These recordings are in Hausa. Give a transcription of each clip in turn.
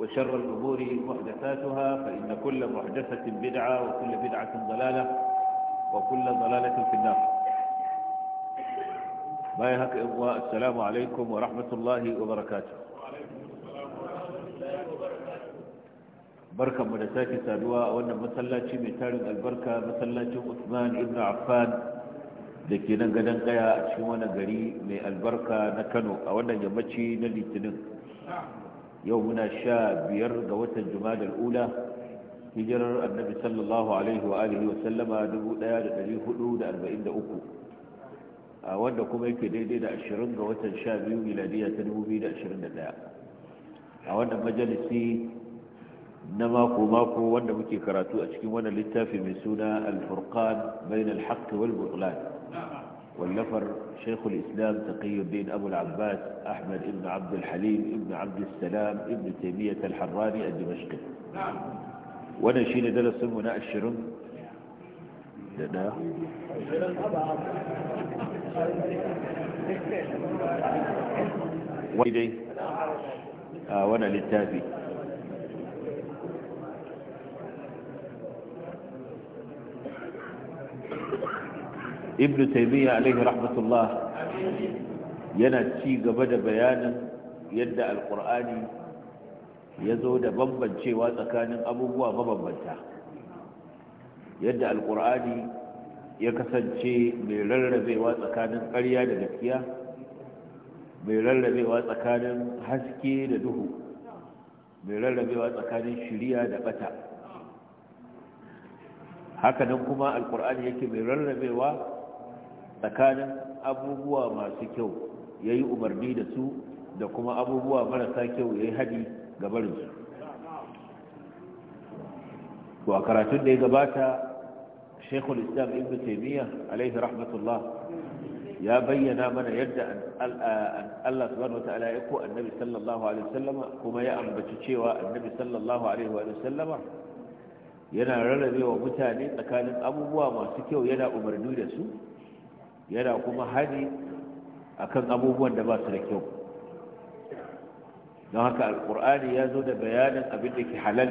وشر الأمور محدثاتها فإن كل محدثة بدعة وكل بدعة ضلالة وكل ضلالة في النار بايهك إبواء السلام عليكم ورحمة الله وبركاته barkan mu da sake saduwa a wannan masallaci mai tarin albarka masallacin usman ibn affan da ke nan gadon gaya a cikin wani gari mai albarka na kano a wannan yammaci na litinin yau muna sha biyar ga watan jumada al'ula hijirar annabi sallallahu alaihi wa alihi wa sallama 1443 a wanda kuma yake daidai da 20 ga watan sha biyu miladiya ta 2021 a wanda majalisi na mako-mako wanda muke karatu a cikin wannan littafi mai suna alfurkan bayan alhaƙi wal butlan واللفر شيخ الإسلام تقي الدين أبو العباس أحمد بن عبد الحليم بن عبد السلام بن تيمية الحراني الدمشقي نعم وانا شينا دلس منا الشرم لنا ويدي آه وانا للتابي ibn taimiyya alaihi rahmatullah yana ci gaba da bayanin yadda alkur'ani ya zo da bambancewa tsakanin abubuwa mabambanta yadda alkur'ani ya kasance mai rarrabewa tsakanin ƙarya da gaskiya mai rarrabewa tsakanin haske da duhu mai rarrabewa tsakanin shiriya da bata hakanan kuma alkur'ani yake mai rarrabewa tsakanin abubuwa masu kyau ya yi umarni da su da kuma abubuwa marasa kyau ya yi haɗi ga barinsu to a karatun da ya gabata shekul islam ibn taimiyya alaihi rahmatullah ya bayyana mana yadda Allah subhanahu wa ta'ala ya ko annabi sallallahu alaihi wasallama kuma ya ambaci cewa annabi sallallahu alaihi wasallama yana wa mutane tsakanin abubuwa masu kyau yana umarni da su yana kuma hani akan abubuwan da ba su da kyau don haka alkur'ani ya zo da bayanin abin da ke halal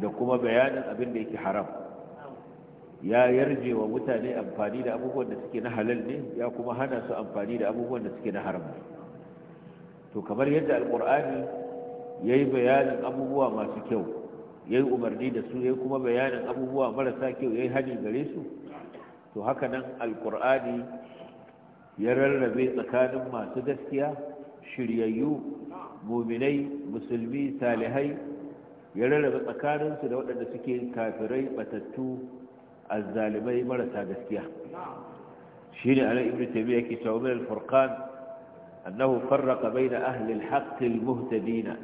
da kuma bayanin abin da yake haram ya yarje wa mutane amfani da abubuwan da suke na halal ne ya kuma hana su amfani da abubuwan da suke na haram to kamar yadda alkur'ani ya yi bayanin abubuwa masu kyau ya yi umarni da su ya kuma bayanin abubuwa marasa kyau ya yi hani gare su to haka nan alkur'ani ya rarrabe tsakanin masu gaskiya shiryayyu muminai musulmi salihai ya rarrabe tsakaninsu da waɗanda suke kafirai batattu azzalimai marasa gaskiya shi ne ala ibn tabi yake cewa min alfurqan annahu farraqa bayna ahli alhaqq almuhtadin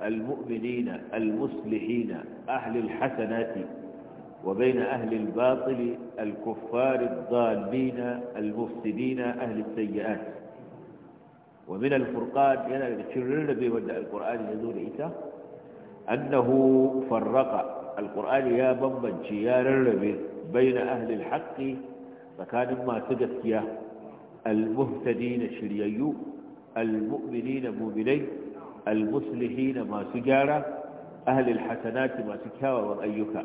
almuminina almuslihina ahlil الحسنات وبين أهل الباطل الكفار الضالين المفسدين أهل السيئات ومن الفرقان ينا تشرر به ودع القرآن يزول إيسا أنه فرق القرآن يا بمبنش يا رربه بين أهل الحق فكان ما تدكيا المهتدين شريي المؤمنين مؤمنين المصلحين ما سجارة أهل الحسنات ما سكاوى والأيكا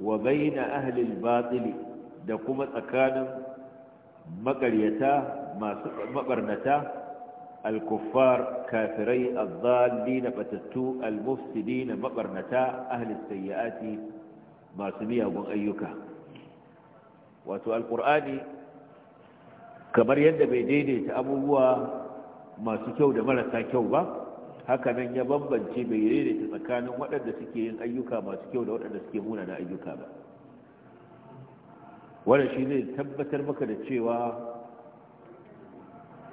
wa bayna ahli al-batil da kuma tsakanin maƙaryata masu mabarnata al-kuffar kafirai adh-dhallin batattu al-mufsidin mabarnata ahli as-sayyiati masu miyagun ayyuka wato al-qur'ani kamar yadda bai daidaita abubuwa masu kyau da marasa kyau ba haka nan ya bambance bai daidaita tsakanin waɗanda suke yin ayyuka masu kyau da waɗanda suke na ayyuka ba wannan shi zai tabbatar maka da cewa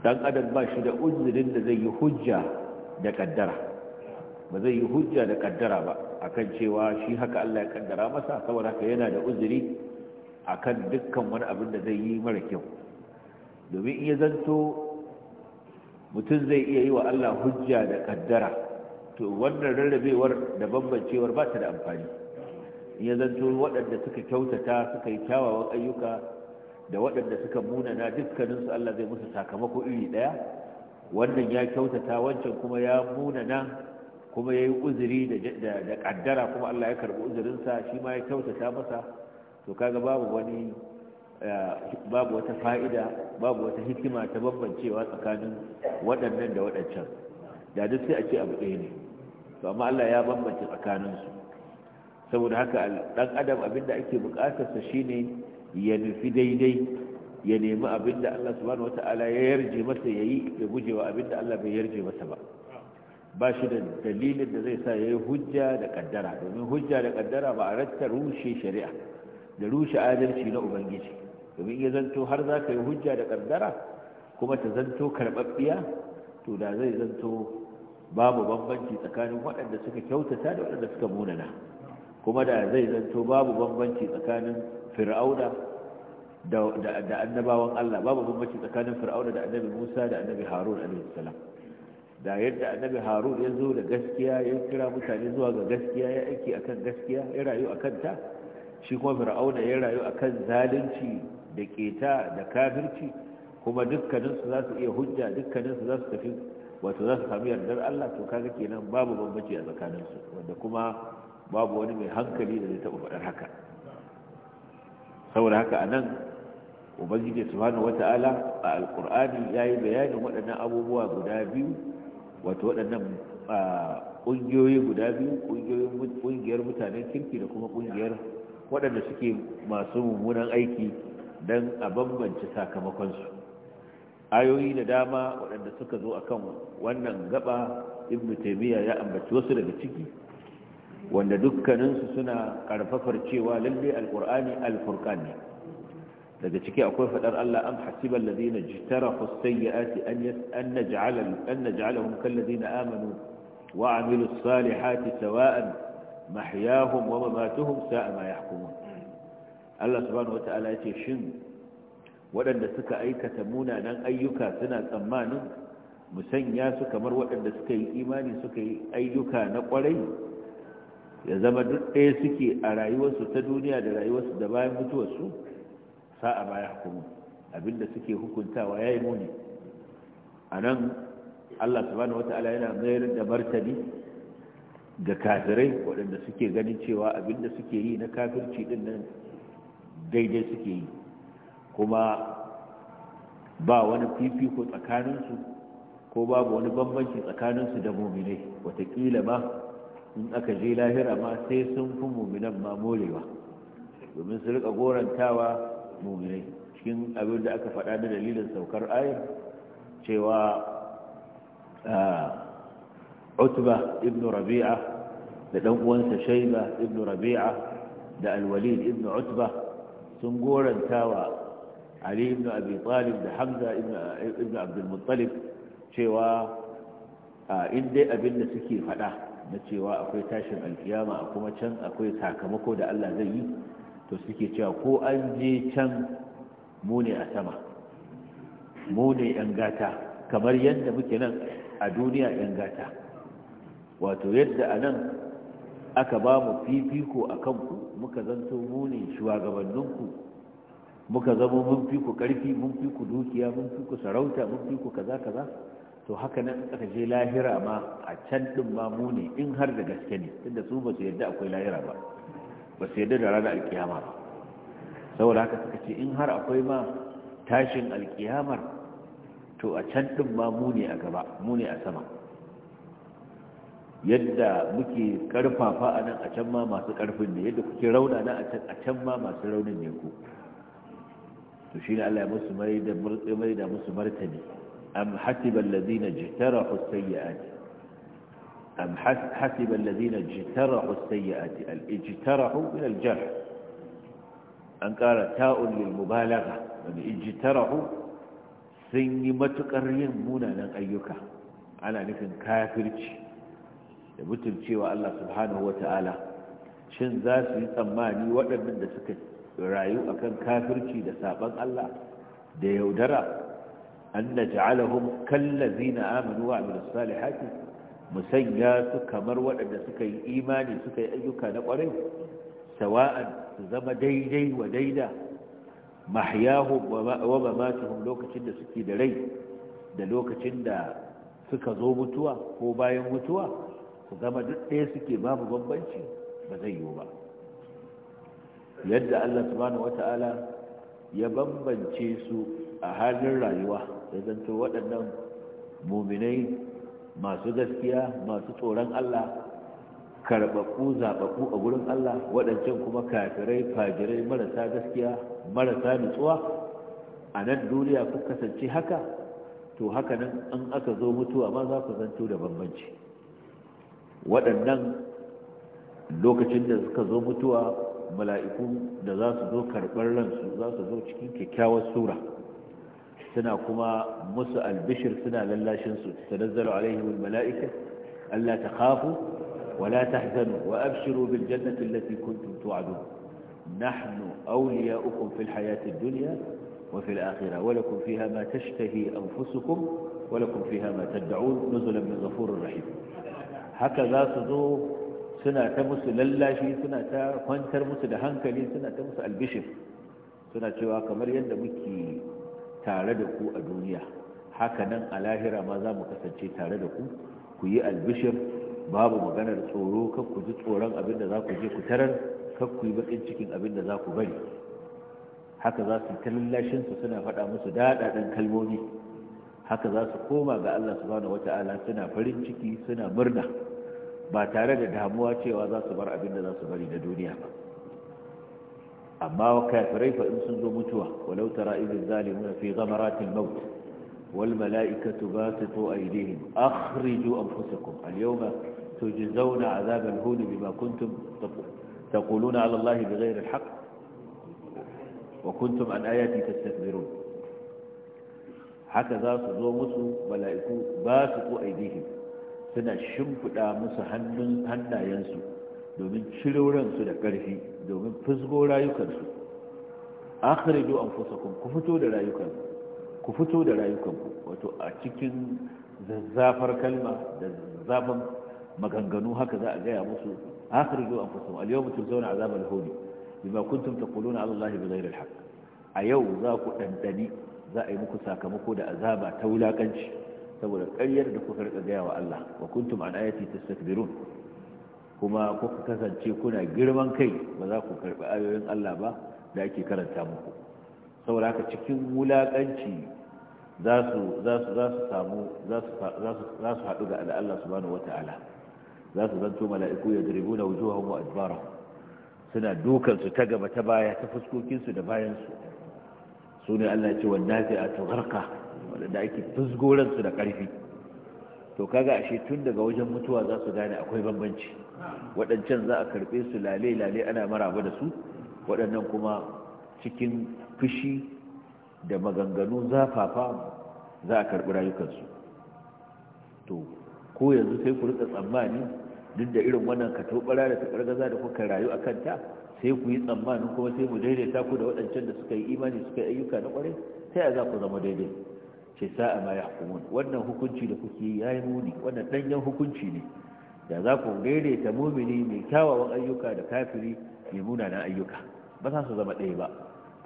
dan adam ba shi da uzurin da zai yi hujja da kaddara ba zai yi hujja da kaddara ba akan cewa shi haka Allah ya kaddara masa saboda haka yana da uzuri akan dukkan wani abin da zai yi mara kyau domin iya zanto mutum zai iya yi wa Allah hujja da kaddara to wannan rarrabewar da bambancewar ba ta da amfani ya zanto waɗanda suka kyautata suka yi kyawawan ayyuka da waɗanda suka munana dukkaninsu Allah zai musu sakamako iri ɗaya wannan ya kyautata wancan kuma ya munana kuma ya yi uzuri da kaddara kuma Allah ya karbi uzurinsa shi ma ya kyautata masa to kaga babu wani eh, babu wata fa'ida babu wata hikima ta bambancewa tsakanin waɗannan da waɗancan da duk sai a ce abu ɗaya ne to amma Allah ya bambance tsakaninsu saboda haka ɗan adam abinda ake buƙatar sa shine ya nufi daidai ya nemi abinda Allah subhanahu wata'ala ya yarje masa yayi yi ya gujewa abinda Allah bai yarje masa ba ba shi da dalilin da zai sa ya yi hujja da kaddara domin hujja da kaddara ba a rattar rushe shari'a da rushe adalci na ubangiji domin ya zanto har za ka yi hujja da kaddara kuma ta zanto karɓaɓɓiya to da zai zanto babu bambanci tsakanin waɗanda suka kyautata da waɗanda suka munana kuma da zai zanto babu bambanci tsakanin fir'auna da annabawan Allah babu bambanci tsakanin fir'auna da annabi Musa da annabi Harun alaihi salam da yadda annabi Harun ya zo da gaskiya ya kira mutane zuwa ga gaskiya ya aiki akan gaskiya ya rayu akan ta shi kuma fir'auna ya rayu akan zalunci da keta da kafirci kuma dukkaninsu za su iya hujja dukkaninsu za su tafi wato za su sami yardar Allah to kaga kenan babu bambanci a tsakaninsu wanda kuma babu wani mai hankali da zai taɓa faɗar haka saboda haka a nan ubangiji subhanahu wata'ala a alkur'ani ya yi bayanin waɗannan abubuwa guda biyu wato waɗannan ƙungiyoyi guda biyu ƙungiyar mutanen kirki da kuma ƙungiyar waɗanda suke masu mummunan aiki don a bambance sakamakonsu ayoyi da dama waɗanda suka zo akan wannan gaba ibn taimiyya ya ambaci wasu daga ciki wanda dukkaninsu suna karfafar cewa lalle alkur'ani alfurkan ne daga ciki akwai faɗar Allah an hasiba allazina jitara sayyiati an naj'ala an naj'alahum kal ladina amanu wa amilu salihati sawa'an mahyahum wa mamatuhum sa'a ma yahkumun Allah subhanahu wata'ala ya ce shin waɗanda suka aikata munanan ayyuka suna tsammanin mu sanya su kamar waɗanda suka yi imani suka yi ayyuka na ƙwarai ya zama duk ɗaya suke a rayuwarsu ta duniya da rayuwarsu da bayan mutuwarsu sa'a baya hukumu abinda suke hukuntawa ya yi muni a nan allah subhanahu ta'ala yana mayar da martani ga kafirai waɗanda suke ganin cewa abinda suke yi na kafirci ɗin nan daidai suke yi kuma ba wani fifiko tsakaninsu ko babu wani bambanci tsakaninsu da muminai watakila ma in aka je lahira ma sai sun fi muminan ma morewa domin su rika gorantawa muminai cikin abin da aka faɗa da dalilin saukar ayar cewa utba ibn rabi'a da ɗan uwansa shaiba ibn rabi'a da alwalid ibn utba sun goranta wa ali ibn abi talib da hamza ibn abdul cewa in dai abin da suke faɗa na cewa akwai tashin alkiyama a kuma can akwai sakamako da Allah zai yi to suke cewa ko an je can mune a sama mune yan gata kamar yadda muke nan a duniya yan gata wato yadda a nan aka ba mu fifiko a kanku muka zanto mu ne shugabanninku muka zama mun fiko karfi ƙarfi mun fiko dukiya mun fiko sarauta mun fiko kaza kaza to haka nan aka je lahira ma a can din ma mu ne in har da gaske ne tunda su ba su yadda akwai lahira ba ba su yadda da ranar alkiyama ba saboda haka suka ce in har akwai ma tashin alkiyamar to a can din ma mu ne a gaba mu ne a sama yadda muke karfafa a nan a can ma masu karfin ne yadda kuke rauna na a can ma masu raunin ne ku to shi ne Allah ya musu mai da mai da musu martani am hasiba allazina jitarahu sayyi'at am hasiba allazina jitarahu sayyi'at al-ijtarahu min al-jarh an qara ta'un lil mubalagha wal ijtarahu sun yi matukar yin munanan ayyuka ana nufin kafirci da mutuncewa Allah subhanahu wata'ala shin za su yi tsammani waɗannan da suka rayu akan kafirci da saban Allah da yaudara an na ja'alahum kallazina amanu wa amilus salihati musanya su kamar waɗanda suka yi imani suka yi ayyuka na ƙwarai sawa'an su zama daidai wa daida mahyahu wa mamatuhum lokacin da suke da rai da lokacin da suka zo mutuwa ko bayan mutuwa ku gama duk ɗaya suke babu bambanci ba zai yiwu ba yadda Allah subhanahu wata'ala ya bambance su a halin rayuwa ya zanto waɗannan muminai masu gaskiya masu tsoron Allah karɓaɓɓu zaɓaɓɓu a gurin Allah waɗancan kuma kafirai fajirai marasa gaskiya marasa nutsuwa a nan duniya ku kasance haka to haka nan in aka zo mutuwa ma za ku zanto da bambanci waɗannan lokacin da suka zo mutuwa mala'iku da za su zo karɓar ransu za su zo cikin kyakkyawar sura suna kuma musu albishir suna lallashinsu ta nazzalo alaihimul mala'ika Allah ta khafu ولا kuntum وأبشروا nahnu التي كنتم توعدون نحن dunya wa fil الدنيا wa lakum fiha ma tashtahi anfusukum wa lakum fiha ma tad'un nuzulan min ghafurir rahim haka za su zo suna ta musu lallashi suna ta kwantar musu da hankali suna ta musu albishir suna cewa kamar yadda muke tare da ku a duniya haka nan a lahira ma za mu kasance tare da ku ku yi albishir babu maganar tsoro kan ji tsoron abin da za ku je ku tarar kan ku yi bakin cikin abin da za ku bari haka za su yi ta lallashinsu suna faɗa musu daɗaɗen kalmomi haka za su koma ga Allah subhanahu wata'ala suna farin ciki suna murna ba tare da damuwa cewa za su bar abin da za su bari na duniya ba amma kafirai fa in sun zo mutuwa walau tara idh zalimuna fi ghamaratil maut wal mala'ikatu basitu aydihim akhriju anfusakum al yawma tujzauna 'adhab al hun bima kuntum taquluna 'ala allahi bighayri al haqq wa kuntum an ayati tastakbirun haka za su zo musu mala'iku ba su ko aidihim suna shimfiɗa musu hannun hannayensu domin ciroransu da ƙarfi domin fusgo rayukansu akhrijo an fusakun ku fito da rayukansu ku fito da rayukanku wato a cikin zazzafar kalma da zazzafan maganganu haka za a gaya musu akhrijo an fusakun al-yawma tuzawna azab al-huni bima kuntum taquluna ala allahi bighayri al-haqq a yau za ku dandani za a yi muku sakamako da azaba ta wulakanci saboda karyar da kuka rika gaya wa Allah wa kuntum an ayati tastakbirun kuma kuka kasance kuna girman kai ba za ku karbi ayoyin Allah ba da ake karanta muku saboda haka cikin wulakanci za su za su za su samu za su za su haɗu ga Allah subhanahu wata'ala za su zanto mala'iku yadribuna wujuhahum wa adbarahum suna dukansu ta gaba ta baya ta fuskokinsu da bayansu su ne allah ce wanda fi a tawarka wadanda ake fusgoransu da ƙarfi to kaga ashe tun daga wajen mutuwa za su gane akwai bambanci waɗancan za a karɓe su lale-lale ana maraba da su waɗannan kuma cikin fushi da maganganu zafafa za a karɓi rayukansu to ko yanzu sai ku rika tsammani duk da irin wannan ka katobara da taɓargaza da kuka rayu a kanta sai ku yi tsammanin kuma sai mu daidaita ku da waɗancan da suka yi imani suka yi ayyuka na ƙwarai sai a za ku zama daidai ce sa'a ma ya hukumun wannan hukunci da kuke yi ya yi muni wannan ɗanyen hukunci ne da za ku daidaita mumini mai kyawawan ayyuka da kafiri mai munanan ayyuka ba za su zama ɗaya ba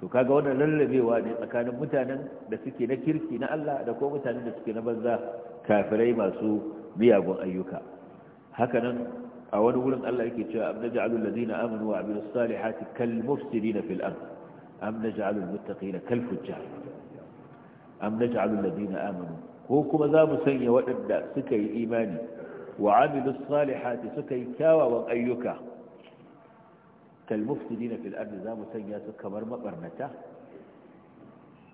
to kaga wannan lallabewa ne tsakanin mutanen da suke na kirki na Allah da ko mutanen da suke na banza kafirai masu miyagun ayyuka hakanan a wani wurin Allah yake cewa am naj'alu alladhina amanu wa amilus salihati kal mufsidina fil ard am naj'alu almuttaqina kal fujjar am naj'alu alladhina amanu ko kuma za mu sanya waɗanda suka yi imani wa amilus salihati suka yi kyawawan ayyuka kal mufsidina fil ard za mu sanya su kamar mabarnata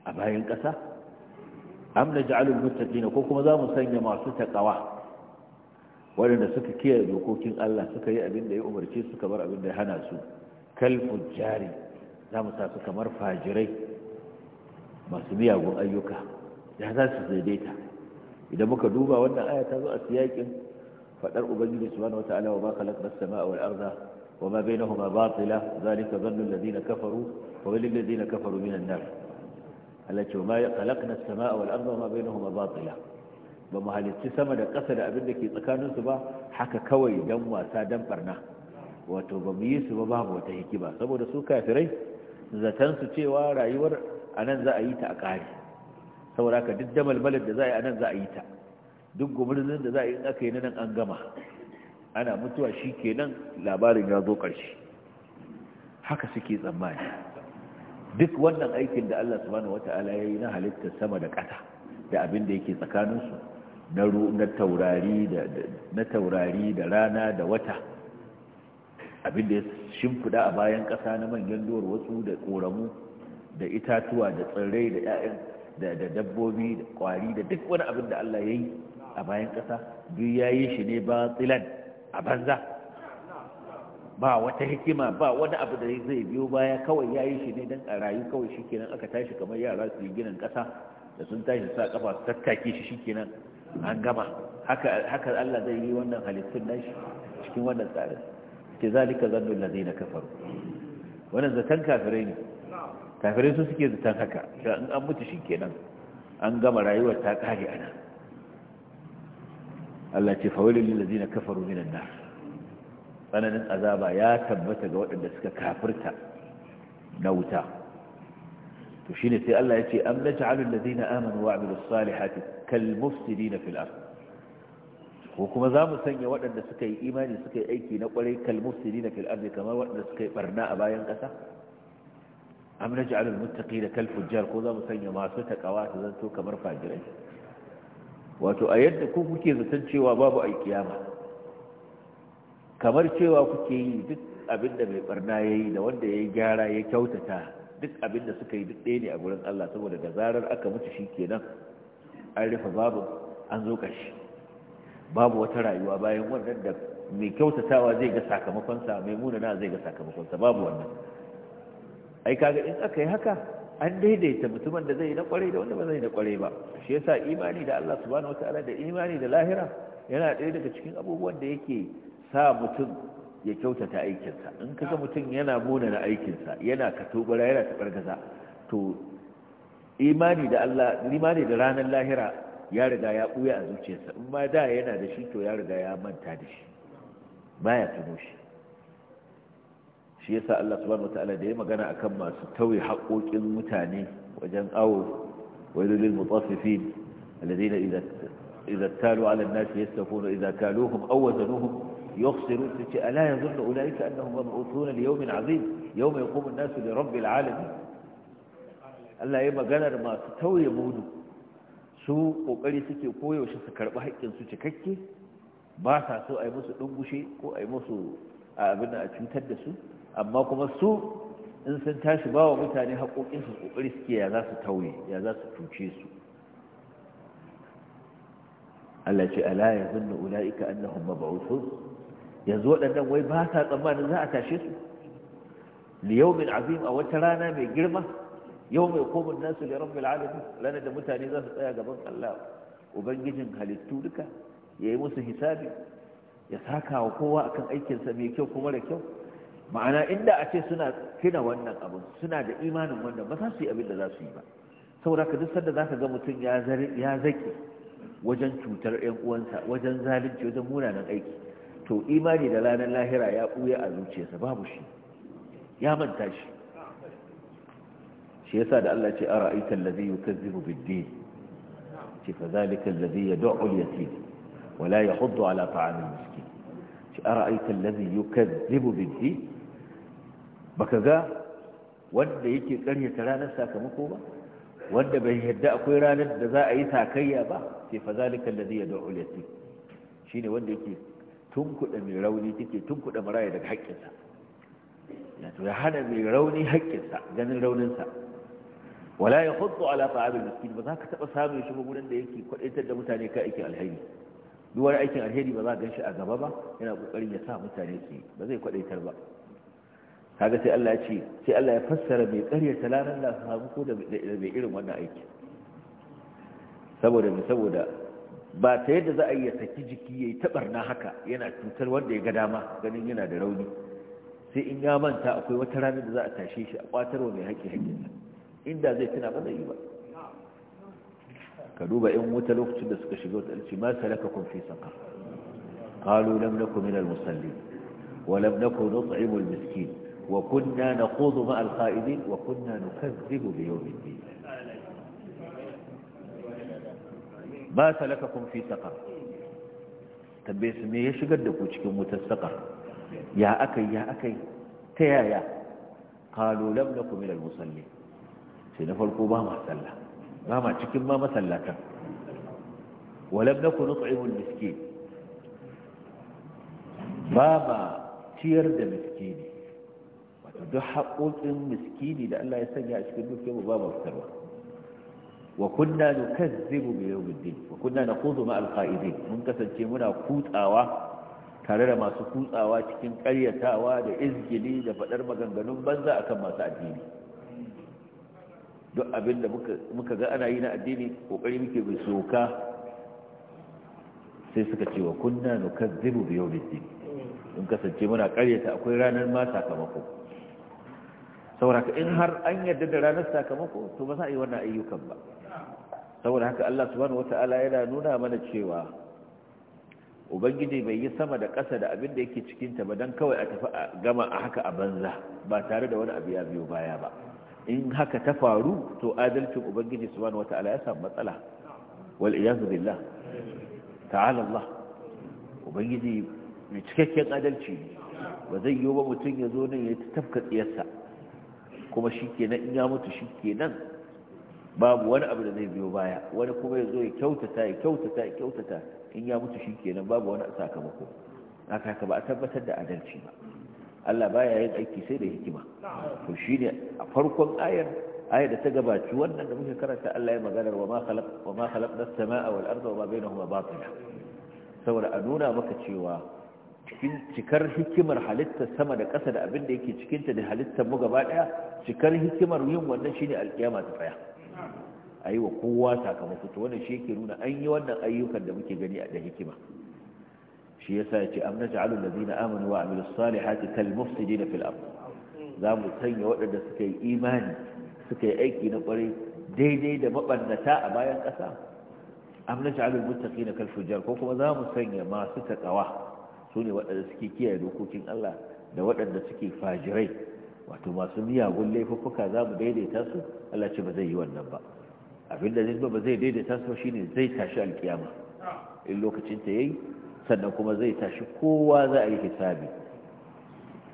a bayan ƙasa am naj'alu almuttaqina ko kuma za mu sanya masu taqwa waɗanda suka kiyaye dokokin Allah suka yi abin da ya umarci, suka bar abin da ya hana su kalfun jari za mu sa su kamar fajirai masu miyagun ayyuka ya za su daidaita idan muka duba wannan aya ta zo a siyakin faɗar ubangiji subhanahu wata'ala wa ma khalaqna as-samaa wal arda wa ma bainahuma batila zalika dhannu alladhina kafaru wa lil ladina kafaru min an-nar allati ma khalaqna as-samaa wal arda wa ma bainahuma batila ba mu halicci sama da ƙasa da abin da ke tsakaninsu ba haka kawai dan wasa dan barna wato ba mu yi su ba babu wata hikima saboda su kafirai zaton su cewa rayuwar a nan za a yi ta a ƙari saboda haka duk damalmalar da za a yi a nan za a yi ta duk gumurzin da za a yi aka yi na nan an gama ana mutuwa shi kenan labarin ya zo ƙarshe haka suke tsammani duk wannan aikin da Allah subhanahu wata'ala ya yi na halittar sama da ƙasa da abin da yake tsakaninsu na taurari da rana da wata abinda ya shimfida a bayan ƙasa na manyan doro wasu da ƙoramu da itatuwa da tsirrai da 'ya'yan da dabbobi da ƙwari da duk wani abin da Allah ya yi a bayan ƙasa duk ya yi shi ne ba tsilan a banza ba wata hikima ba wani abu da zai biyo baya kawai ya yi shi ne don a rayu kawai shi aka tashi kamar yara su yi ginin ƙasa da sun tashi sa kafa su tattake shi shi an gama haka Allah zai yi wannan halittun nashi cikin wannan tsarin ke zalika zannun lazai na kafaru wannan zaton kafirai ne kafirai su suke zaton haka in an mutu shi kenan an gama rayuwar ta kare ana Allah ce fawilin lazai na kafaru minan na tsananin azaba ya tabbata ga waɗanda suka kafirta na wuta to shi ne sai Allah ya ce am da ladina amanu wa amilus salihati kal mufsidina fil ard ko kuma za mu sanya waɗanda suka yi imani suka yi aiki na ƙwarai kal mufsidina filar ne kamar waɗanda suka yi barna a bayan ƙasa am naj'alul da kal Jihar ko za mu sanya masu takawa su zanto kamar fajirai wato a yadda ku kuke zaton cewa babu alkiyama kamar cewa kuke yi duk abinda mai barna yi da wanda ya yi gyara ya kyautata duk abinda suka yi duk ɗaya ne a gurin Allah saboda da zarar aka mutu shi kenan an rufe babu an zo ƙarshe babu wata rayuwa bayan wannan da mai kyautatawa zai ga sakamakonsa mai munana zai ga sakamakonsa babu wannan ai kaga in aka yi haka an daidaita mutumin da zai yi na kwarai da wanda ba zai yi na kwarai ba shi yasa imani da Allah subhanahu wataala da imani da lahira yana ɗaya daga cikin abubuwan da yake sa mutum ya kyautata aikinsa in kaga mutum yana muna da aikinsa yana katobara yana tabargaza to imani da Allah imani da ranar lahira ya riga ya ɓuya a zuciyarsa in ma da yana da shi to ya riga ya manta da shi baya tuno shi shi sa Allah subhanahu ta'ala da ya magana akan masu tauye haƙoƙin mutane wajen awo wailul lil mutaffifin alladhina idza idza talu ala an-nas yastafuna idza kaluhum aw wazanuhum يخسرون تتي ألا يظن أولئك أنهم مبعوثون ليوم عظيم يوم يقوم الناس لرب العالمين Allah ya maganar masu tauye mudu su ƙoƙari suke koyaushe su karɓi haƙƙinsu cikakke ba sa so a yi musu ɗungushe ko a yi musu abin a cutar da su amma kuma su in sun tashi ba wa mutane haƙoƙinsu ƙoƙari suke ya za su tauye ya za su cuce su Allah ce ala ya zunna ula'ika annahum mab'uthun yanzu waɗannan wai ba sa tsammanin za a tashe su yau mai azim a wata rana mai girma yau mai komun nasu da rabbil alamin ranar da mutane za su tsaya gaban Allah ubangijin halittu duka yayi musu hisabi ya saka wa kowa akan aikinsa mai kyau kuma da kyau ma'ana inda a ce suna kina wannan abin suna da imanin wannan ba za su yi abin da za su yi ba saboda ka duk sanda za ka ga mutum ya zaki wajen cutar 'yan uwansa wajen zalunci wajen munanan aiki to imani da ranar lahira ya ɓuya a zuciyarsa babu shi ya manta shi shi yasa da Allah ce ara aikan lazi yukazzibu kazzibu biddi ce fa zalika lazi yad'u al yatim wa la yahuddu ala ta'am al-miskin ce ara aikan lazi yukazzibu kazzibu biddi baka ga wanda yake karyata ranar sakamako ba wanda bai yadda akwai ranar da za a yi sakayya ba ce fa zalika lazi yad'u al yatim shine wanda yake tunkuɗa mai rauni take tunkuɗa maraya daga haƙƙinsa wato ya hana mai rauni haƙƙinsa ganin rauninsa wala ya hudu ala ta'abil miskin ba za ka taɓa samun shi gurin da yake kwaɗaitar da mutane ka aikin alheri duk wani aikin alheri ba za ka ganshi a gaba ba yana ƙoƙarin ya sa mutane su ba zai kwaɗaitar ba kaga sai Allah ya ce sai Allah ya fassara mai ƙaryata lanar da samu ko da mai irin wannan aikin saboda mai saboda ba ta yadda za a yi saki jiki ya yi taɓarna haka yana cutar wanda ya ga dama ganin yana da rauni sai in ya manta akwai wata rana da za a tashe shi a ƙwatarwa mai haƙƙi haƙƙinsa inda zai tuna ba zai yi ba ka duba in wuta lokacin da suka shiga wata alci ma salaka kun fi saka qalu lam nakum min al musallin wa lam nakum nut'imu al miskin wa kunna naqudu ma al qa'idin wa kunna nukazzibu bi yawmi al din ba kun fi saqar tabbe su ne ya shigar da ku cikin wutar saqar ya akai ya akai ta yaya qalu lam ku min al-musallin sai na farko ba ma sallah ba ma cikin ma masallatan walam nakum nut'imul miskin ba ma ciyar da miskini wato duk haƙoƙin miskini da Allah ya sanya a cikin dukiyar mu ba ma fitarwa wa kunna nukazzibu bi yawmiddin wa kunna naqudu ma alqa'idin mun kasance muna kutsawa tare da masu kutsawa cikin ƙaryatawa da izgili da faɗar maganganun banza akan masu addini duk abin da muka ga ana yi na addini kokari muke bi soka sai suka ce wa kunna nukazzibu bi yawmiddin mun kasance muna ƙaryata akwai ranar ma sakamako sauraka in har an yarda da ranar sakamako to ba za a yi wannan ayyukan ba saboda haka Allah subhanahu wata'ala yana nuna mana cewa ubangiji bai yi sama da ƙasa da abin da yake cikin ta ba dan kawai a tafi a gama a haka a banza ba tare da wani abu ya biyo baya ba in haka ta faru to adalcin ubangiji subhanahu wata'ala ya samu matsala wal iyazu billah ta'ala Allah ubangiji mai cikakken adalci ba zai yi wa mutum ya zo nan ya tafka tsiyarsa kuma shi kenan in ya mutu shi kenan babu wani abu da zai biyo baya wani kuma ya zo ya kyautata ya kyautata ya kyautata in ya mutu shi kenan babu wani sakamako haka haka ba a tabbatar da adalci ba Allah baya yin aiki sai da hikima to shine a farkon ayar ayar da ta gabaci wannan da muke karanta Allah ya magana wa ma khalaq wa ma khalaqna as-samaa wal arda wa ma bainahuma batila saboda a nuna maka cewa cikin cikar hikimar halittar sama da ƙasa da abin da yake cikinta da halittar mu gaba ɗaya cikar hikimar yin wannan shine alkiyama ta tsaya a yi wa kowa sakamako to wannan shi ke nuna an yi wannan ayyukan da muke gani a da hikima shi yasa ya ce am naj'alul ladina amanu wa amilus salihati kal mufsidin na ard za mu sanya waɗanda suka yi imani suka yi aiki na kwarai daidai da mabannata a bayan ƙasa am naj'alul muttaqina kal fujjar ko kuma za mu sanya masu taƙawa su ne waɗanda suke kiyaye dokokin Allah da waɗanda suke fajirai wato masu miyagun laifuffuka za mu daidaita su Allah ce ba zai yi wannan ba Abin da zai ba zai daidaita su ne zai tashi alkiyama in lokacin ta yayi sannan kuma zai tashi kowa za a yi hisabi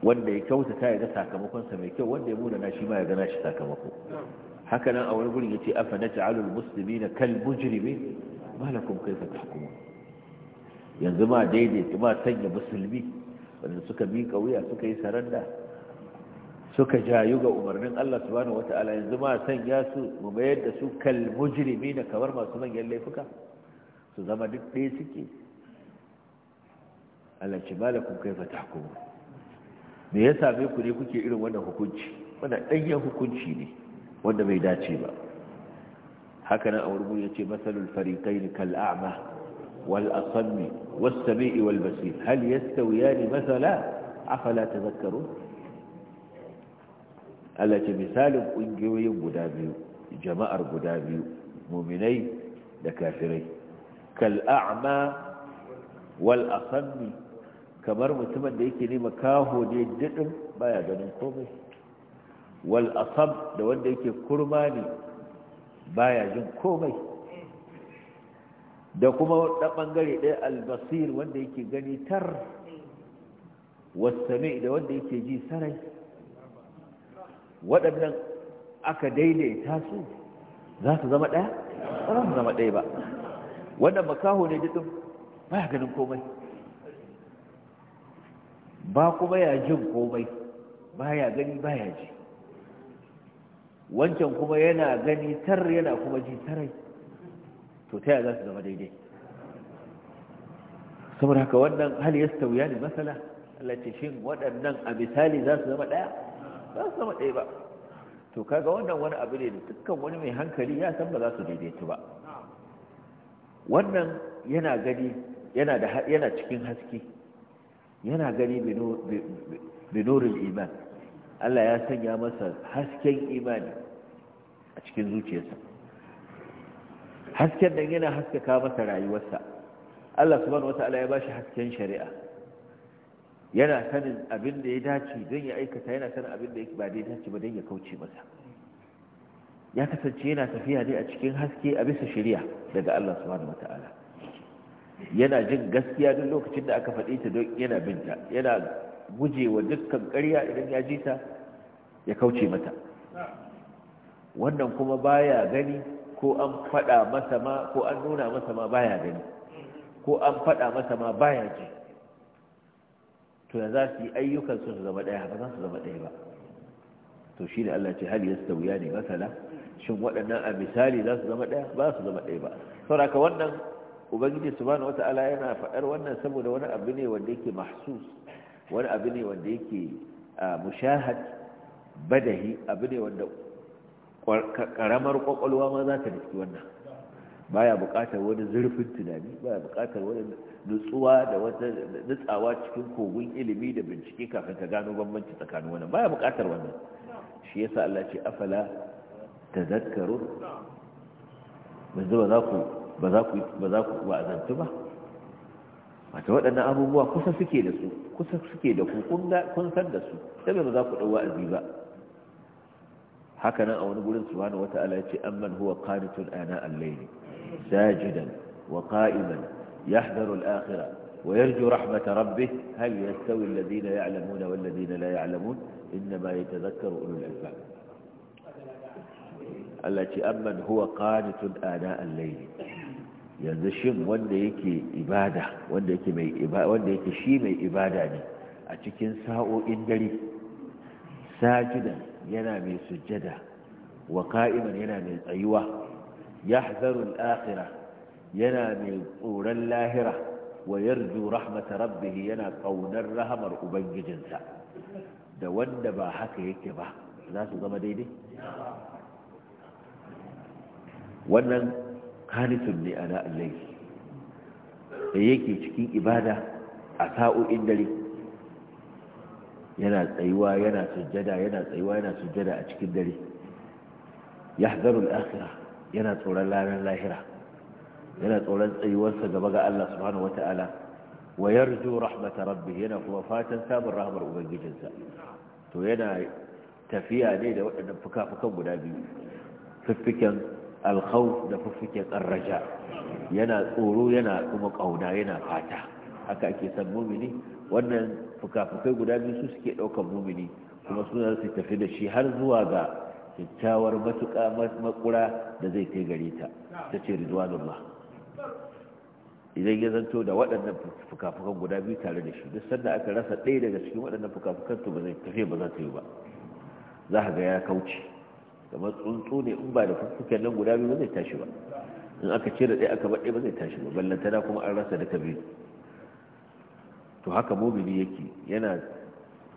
wanda ya kyautata ya ga sakamakonsa mai kyau wanda ya muna shi ma ya gana shi sakamako haka nan a wani gurin ce afa naj'alul muslimina kal kuma kai kayfa tahkumun yanzu ma daidaita ma sanya musulmi wanda suka bi kauya suka yi saranda suka jayu ga umarnin Allah subhanahu wata'ala yanzu ma sanya su mu mayar da su kal mujrimina kamar masu manyan laifuka su zama duk ɗaya suke Allah ce malakum kaifa tahkumu me ya same ku ne kuke irin wannan hukunci wannan ɗanyen hukunci ne wanda bai dace ba haka nan a wurin yace masalul fariqain kal a'ma wal asammi was sami'i wal basir hal yastawiyani masala afala tadhakkarun Allah ce misalin ƙungiyoyin guda biyu jama'ar guda biyu muminai da kafirai kal'a'ma wal kamar mutumin da yake nema kaho ne daɗin baya ganin komai wal da wanda yake kurma ne baya jin komai da kuma ɗan ɓangare ɗaya albasir wanda yake gani tar wasame da wanda yake ji sarai waɗannan aka daidaita su za su zama ɗaya ba za su zama ɗaya ba wannan makaho ne jikin ya ganin komai ba kuma ya jin komai ba ya gani ba ya ji wancan kuma yana gani tar yana kuma ji tarai to ta yaya za su zama daidai saboda haka wannan hali ya stawiya ne masala Allah ce shi waɗannan a misali za su zama ɗaya ba su zama ɗaya ba to kaga wannan wani abu ne da dukkan wani mai hankali ya san ba za su daidaitu ba wannan yana gani yana da yana cikin haske yana gani binurul iman Allah ya sanya masa hasken imani a cikin zuciyarsa hasken nan yana haskaka masa rayuwarsa Allah subhanahu wata'ala ya bashi hasken shari'a yana sanin abin da ya dace don ya aikata yana sanin abin da ba dai dace ba don ya kauce masa ya kasance yana tafiya ne a cikin haske a bisa shari'a daga Allah subhanahu wata'ala yana jin gaskiya duk lokacin da aka faɗi ta don yana binta yana guje wa dukkan ƙarya idan ya ji ta ya kauce mata wannan kuma baya gani ko an faɗa masa ma ko an nuna masa ma baya gani ko an faɗa masa ma baya ji to ya za su yi ayyukan su su zama ɗaya ba za su zama ɗaya ba to shi ne Allah ce hal yastawiya ne masala shin waɗannan a misali za su zama ɗaya ba su zama ɗaya ba saboda wannan ubangiji su subhanahu wata'ala yana faɗar wannan saboda wani abu ne wanda yake mahsus wani abu ne wanda yake mushahad badahi abu ne wanda karamar kwakwalwa ma za ta riski wannan baya buƙatar wani zurfin tunani baya buƙatar wani nutsuwa da wata nutsawa cikin kogon ilimi da bincike kafin ka gano bambanci tsakanin wannan baya buƙatar wannan shi yasa Allah ce afala tazakkaru yanzu ba za ku ba za ku ba za ku ba azantu ba wato waɗannan abubuwa kusa suke da su kusa suke da ku kun san da su sai ba za ku dawo wa'azi ba haka nan a wani gurin subhanahu wata'ala ya ce amman huwa qanitun ana al-layli ساجدا وقائما يحذر الآخرة ويرجو رحمة ربه هل يستوي الذين يعلمون والذين لا يعلمون إنما يتذكر اولو الالباب التي أمن هو قانت آناء الليل يعني الشم وانديك إبادة وانديك مي إبادة وانديك شي إبادة أتكين ساو إندري ساجدا ينامي سجدا وقائما ينامي أيوه Yahzarul al yana mai tsoron lahira wa yarju rahmata rabbih yana ƙaunar rahamar ubangijinsa da wanda ba haka yake ba za su zama daidai wannan kanitun ne ana allai da yake cikin ibada a sa'o'in dare yana tsayuwa yana sujjada yana tsayuwa yana sujjada a cikin dare yahzaru al yana tsoron ranar lahira yana tsoron tsayuwarsa gaba ga Allah subhanahu wata'ala wa yarju rahmatar rabbi yana kuma fatan samun rahmar ubangijinsa to yana tafiya ne da waɗannan fuka-fukan guda biyu fiffiken alkhawf da fiffiken arraja yana tsoro yana kuma ƙauna yana fata haka ake san mumini wannan fuka-fukai guda biyu su suke ɗaukar mumini kuma suna su tafi da shi har zuwa ga kyakkyawar matuƙa makura da zai kai gare ta ta ce rizwanullah idan ya zanto da waɗannan fukafukan guda biyu tare da shi duk sanda aka rasa ɗaya daga cikin waɗannan fukafukan to ba zai tafiya ba za ta yi ba za ka ga ya kauce kamar tsuntsu ne in ba da fukafukan nan guda biyu ba zai tashi ba in aka cire ɗaya aka baɗe ba zai tashi ba ballantana kuma an rasa duka biyu to haka mumini yake yana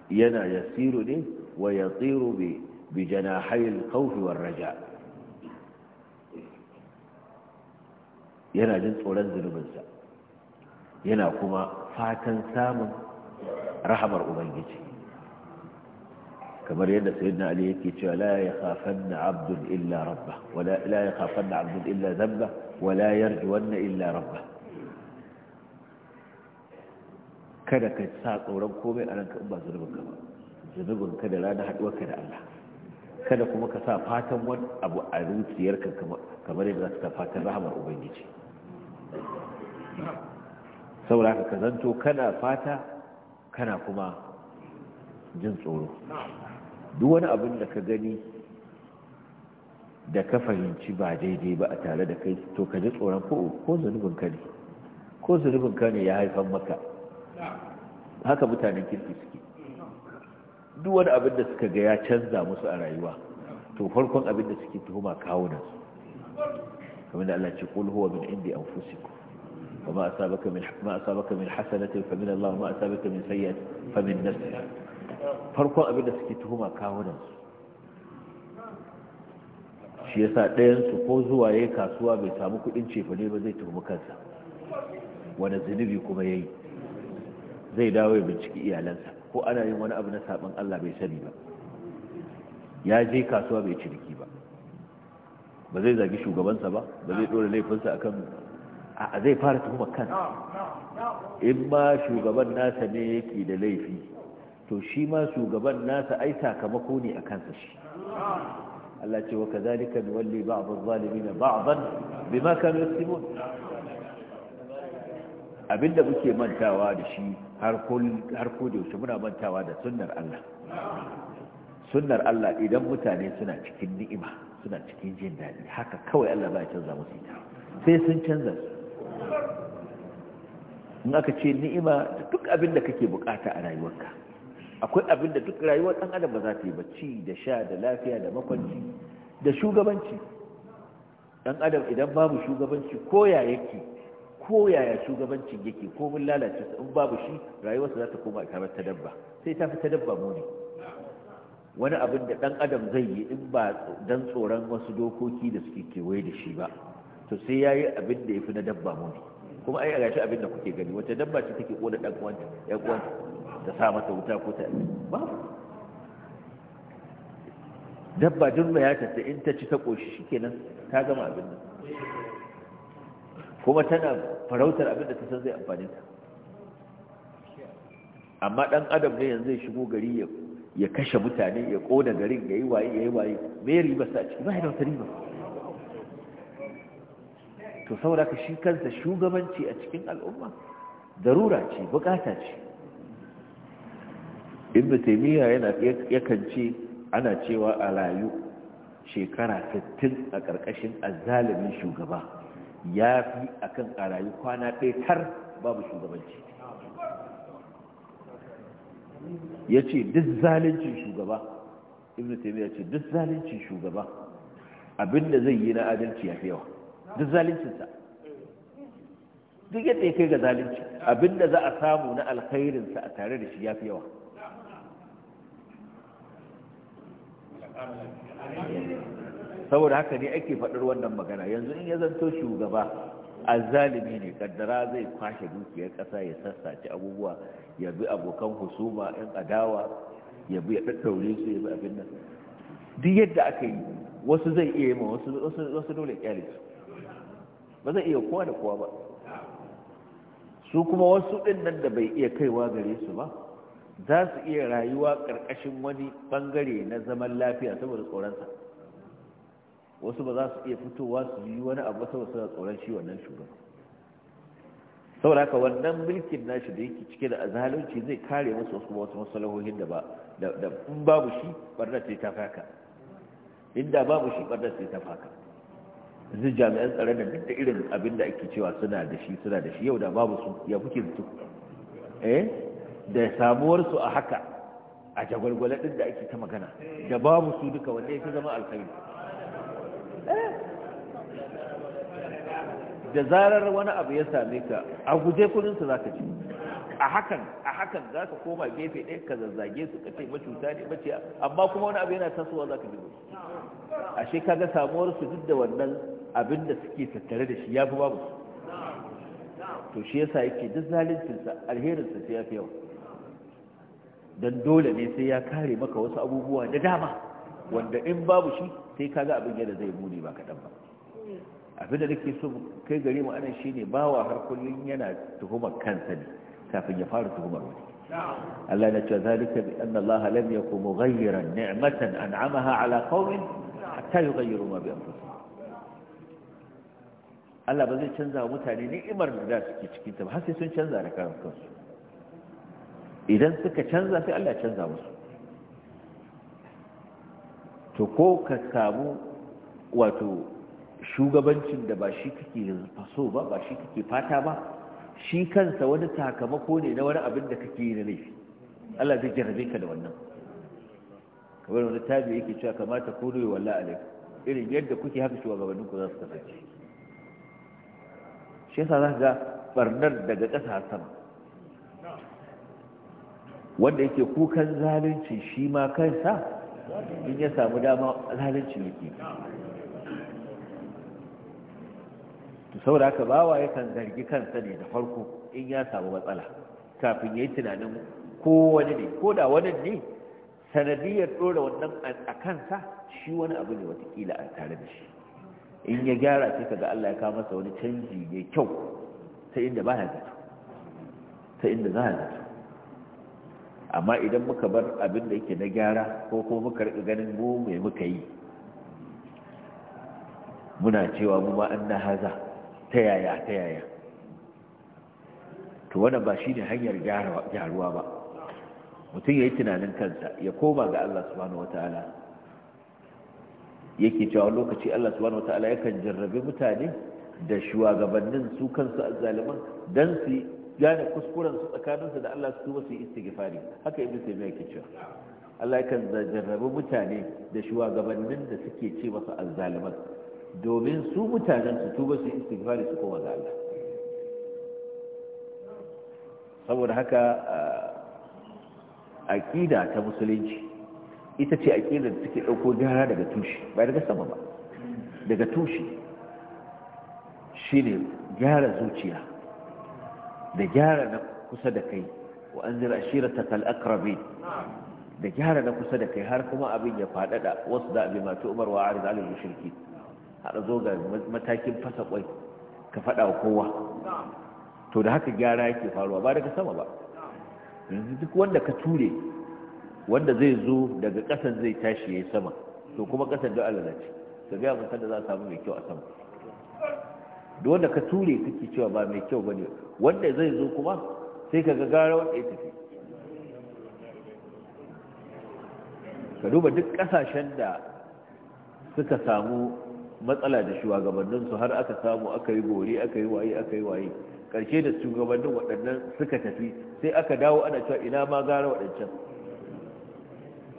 yana yasiru ne wa yasiru bi بجناحي الخوف والرجاء yana jin tsoron zunubinsa yana kuma fatan samun rahamar ubangiji kamar yadda sayyidina ali yake cewa la yakhafanna abdun illa rabba wala la yakhafanna abdun illa dhanba wala yarjuwanna illa rabba kada ka sa tsoron komai a ranka in ba zunubinka ba zunubinka da rana haduwarka da Allah kada kuma ka sa fatan wani abu a zuciyarka kamar yadda za ka fatan rahamar ubangiji saboda ka zanto kana fata kana kuma jin tsoro duk wani abin da ka gani da ka fahimci ba daidai ba a tare da kai to ka ji tsoron ko zunubin ka ne ko zunubin ka ne ya haifan maka haka mutanen kirki suke duk wani abin da suka ga ya canza musu a rayuwa to farkon abin da suke tuhuma kawunan su kamar da Allah ce qul huwa min indi anfusikum وما asabaka min hasanati fa min Allah wa ma asabaka min sayyi'ati fa min nafsi farkon abin da suke tuhuma kawunan su shi yasa ɗayan su ko zuwa yayin kasuwa bai samu kuɗin cefane ba zai tuhumi kansa wani zunubi kuma yayi zai dawo ya binciki iyalansa ko ana yin wani abu na saban Allah bai sani ba ya je kasuwa bai ciniki ba ba zai zagi shugabansa ba ba zai dora laifinsa akan a zai fara tuhumar kan, in ma shugaban nasa ne yake da laifi to shi ma shugaban nasa ai sakamako ne a kansa shi Allah ce wa kazalika nuwalli ba'd na dhalimin ba'dan ma kanu simon abinda muke mantawa da shi har ko da yaushe muna mantawa da sunnar Allah sunnar Allah idan mutane suna cikin ni'ima suna cikin jin daɗi haka kawai Allah ba ya canza musu ita sai sun canza su in aka ce ni'ima duk abinda kake bukata a rayuwarka akwai abinda duk rayuwar ɗan adam ba za ta yi bacci da sha da lafiya da makwanci da shugabanci ɗan adam idan babu shugabanci ko ya yake ko yaya shugabancin yake ko mun lalace in babu shi rayuwarsa za ta koma kamar ta dabba sai ta fi ta dabba mu ne wani abin da ɗan adam zai yi in ba dan tsoron wasu dokoki da suke kewaye da shi ba to sai ya yi abin da ya fi na dabba mu ne kuma ai gashi abin da kuke gani wata dabba ce take ƙona ɗan uwanta ya uwanta ta sa mata wuta ko ta ba dabba duk mai ya in ta ci ta ƙoshi shikenan ta gama abin nan kuma tana farautar abin da ta san zai amfani ta amma dan adam ne yanzu ya shigo gari ya kashe mutane ya kona garin ya yi waye ya yi waye me riba sa ciki ba da wata riba to saboda ka shi kansa shugabanci a cikin al'umma darura ce bukata ce ibnu taymiya yana yakan ce ana cewa a rayu shekara 60 a ƙarƙashin azzalimin shugaba ya fi a kan karayi kwana ɗaya tar babu shugabanci ya ce duk zalincin shugaba ibn ya ce duk zalincin shugaba abinda zai yi na adalci ya fi yawa duk zalincinsa duk yadda ya kai ga zalunci abinda za a samu na alkhairinsa a tare da shi ya fi yawa saboda haka ne ake faɗar wannan magana yanzu in ya zanto shugaba a zalimi ne kaddara zai kwashe dukiyar ƙasa ya sassace abubuwa ya bi abokan husuma ɗan adawa ya bi ya ɗaɗɗaure su ya bi abin nan duk yadda aka yi wasu zai iya yi ma wasu dole ƙyale su ba zai iya kowa da kowa ba su kuma wasu ɗin nan da bai iya kaiwa gare su ba za su iya rayuwa ƙarƙashin wani ɓangare na zaman lafiya saboda tsoronsa wasu ba za su iya fitowa su yi wani abu saboda suna tsoron shi wannan shugaban saboda haka wannan mulkin nashi da yake cike da azalunci zai kare musu wasu wasu masalahohin da ba da in babu shi barna sai ta faka inda babu shi barna sai ta faka Zai jami'an tsaron da duk da irin abin da ake cewa suna da shi suna da shi yau da babu su ya fi su eh da samuwar su a haka a jagwalgwalar din da ake ta magana da babu su duka wanda yake zama alkhairi da zarar wani abu ya same ka a guje kudinsu za ka ci a hakan a hakan za ka koma gefe ɗaya ka zazzage su ka ce macuta ne maciya amma kuma wani abu yana tasowa za ka ji ashe ga samuwar su duk da wannan abin da suke tattare da shi ya fi babu to shi yasa yake duk sa alherinsa sa ya fi yawa Dan dole ne sai ya kare maka wasu abubuwa da dama wanda in babu shi sai ka ga abin yadda zai buri ba kaɗan ba abin da nake so kai gare mu anan ne bawa har kullum yana tuhumar kansa ne kafin ya fara tuhumar wani Allah na ce zalika bi anna Allah lam yakun mughayyiran ni'matan an'amaha ala qaumin hatta yughayyiru ma bi anfusihim Allah ba zai canza wa mutane ni'imar da suke cikin ta ba har sai sun canza da kansu idan suka canza sai Allah canza musu to ko ka samu wato shugabancin da ba shi kake faso ba ba shi kake fata ba shi kansa wani sakamako ne na wani abin da kake yi na laifi Allah zai jarabe ka da wannan kamar wani tabi yake cewa kamata ko ne walla alaik irin yadda kuke haka shugabannin ku za su kasance shi yasa za ga barnar daga ƙasa sama wanda yake kukan zalunci shi ma kansa in ya samu dama alhalin ciniki to saboda haka bawa yakan zargi kansa ne da farko in ya samu matsala kafin ya yi tunanin ko wani ne ko da wani ne sanadiyar dora wannan a kansa shi wani abu ne watakila a tare da shi in ya gyara sai ga Allah ya kawo masa wani canji mai kyau ta inda ba ya zato ta inda za ya zato amma idan muka bar abin da yake na gyara ko ko muka rika ganin mu mai muka yi muna cewa mu ma an na haza ta yaya ta yaya to wannan ba shi ne hanyar gyaruwa ba mutum ya yi tunanin kansa ya koma ga Allah subhanahu wa yake cewa lokaci Allah subhanahu wa ta'ala yakan jarrabe mutane da shugabannin su kansu azzaliman dan su gane kuskuren su tsakaninsu da Allah su tuba su yi istighfari haka ibnu taymiya ke cewa Allah kan jarrabi mutane da shugabannin da suke ce masa azzaliman domin su mutanen su tuba su yi istighfari su koma ga Allah saboda haka ah, aqida ta musulunci ita ce aqida da take dauko gyara daga tushe ba daga sama ba daga tushe shine gyara zuciya da gyara na kusa da kai wa an zira ta kal'akrabi da gyara na kusa da kai har kuma abin ya faɗaɗa wasu da abin masu umarwa wa arin alin mushirki hada zo ga matakin fasa kwai ka faɗa wa kowa to da haka gyara yake faruwa ba daga sama ba yanzu duk wanda ka ture wanda zai zo daga kasan zai tashi ya yi sama to kuma ƙasan don alalaci ka gaya mun da za a samu mai kyau a sama da wanda ka ture kake cewa ba mai kyau bane wanda zai zo kuma sai ka ga gara wanda ya tafi ka duba duk kasashen da suka samu matsala da shugabanninsu har aka samu aka yi gori aka yi waye aka yi waye karshe da shugabannin waɗannan suka tafi sai aka dawo ana cewa ina ma gara waɗancan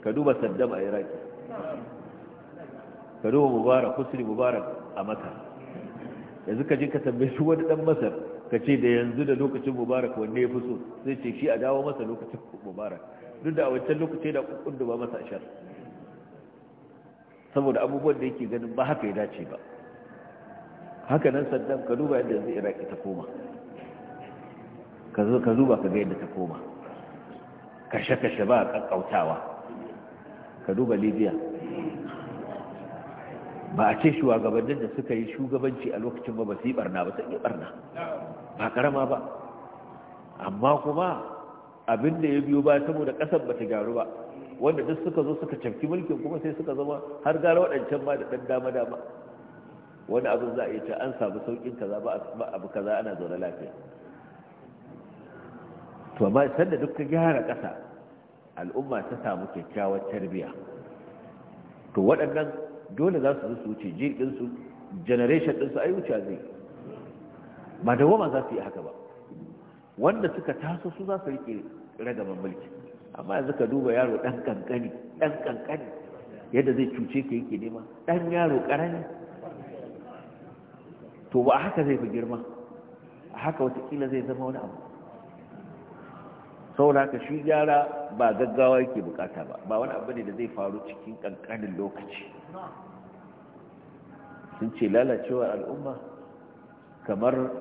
ka duba saddam a iraki ka duba mubarak husni mubarak a makar yanzu ka je ka tambaye shi wani dan masar ka ce da yanzu da lokacin mubarak wanne ya fi so zai ce shi a dawo masa lokacin mubarak duk da a wancan lokacin da kukun ba masa ashar saboda abubuwan da yake ganin ba haka ya dace ba haka nan saddam ka duba yadda yanzu iraki ta koma ka duba ka ga yadda ta koma kashe-kashe ba a kankautawa ka duba libya ba a ce shugabannin da suka yi shugabanci a lokacin ba ba su yi barna ba sun yi barna ba karama ba amma kuma abin da ya biyo ba saboda kasar ba ta gyaru ba wanda duk suka zo suka cafki mulkin kuma sai suka zama har gara waɗancan ma da ɗan dama dama wani abin za a yi ce an samu sauƙin kaza ba abu kaza ana zaune lafiya to amma sanda duk ka gyara ƙasa al'umma ta samu kyakkyawar tarbiyya to waɗannan dole za su su wuce ji ɗinsu generation ɗinsu ai wuce zai ba da goma za su yi haka ba wanda suka taso su za su riƙe ragaban mulki amma yanzu ka duba yaro ɗan kankani ɗan kankani yadda zai cuce ka yake nema ɗan yaro ƙarani to ba haka zai fi girma a haka watakila zai zama wani abu saboda haka shi gyara ba gaggawa yake bukata ba ba wani abu ne da zai faru cikin kankanin lokaci sun ce lalacewar al'umma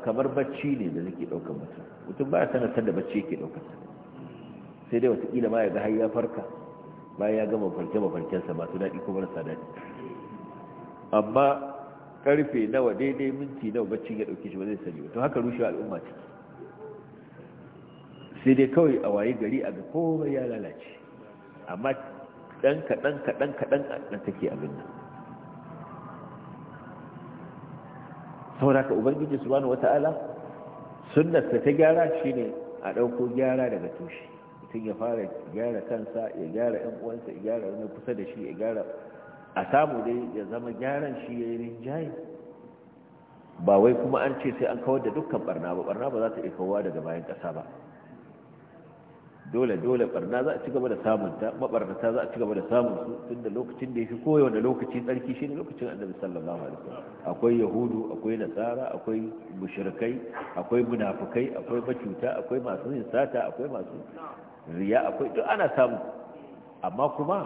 kamar bacci ne da zai ɗaukar mutum mutum ba ya sanatar da bacci yake sa sai dai watakila ma ya ga har ya farka bayan ya gama farke mafarkensa masu daɗi ko marasa daɗi amma karfe nawa daidai minti nawa bacci ya ɗauke shi ba zai sani ba to haka rushewa al'umma ciki sai dai kawai a waye gari a ga komai ya lalace amma ɗan kaɗan kaɗan kaɗan ɗan take abin nan saboda ka ubangiji subhanahu wata'ala sunnarsa ta gyara shine a ɗauko gyara daga tushe mutum ya fara gyara kansa ya gyara ƴan uwansa ya gyara wani kusa da shi ya gyara a samu dai ya zama gyaran shi ya yi rinjaye ba wai kuma an ce sai an kawar da dukkan barna ba barna ba za ta iya kawowa daga bayan ƙasa ba dole dole barna za a ci gaba da samunta mabarnata za a ci gaba da samun su da lokacin da yafi koyo da lokaci tsarki ne lokacin annabi sallallahu alaihi wasallam akwai yahudu akwai nasara akwai mushrikai akwai munafikai akwai macuta akwai masu yin sata akwai masu riya akwai duk ana samu amma kuma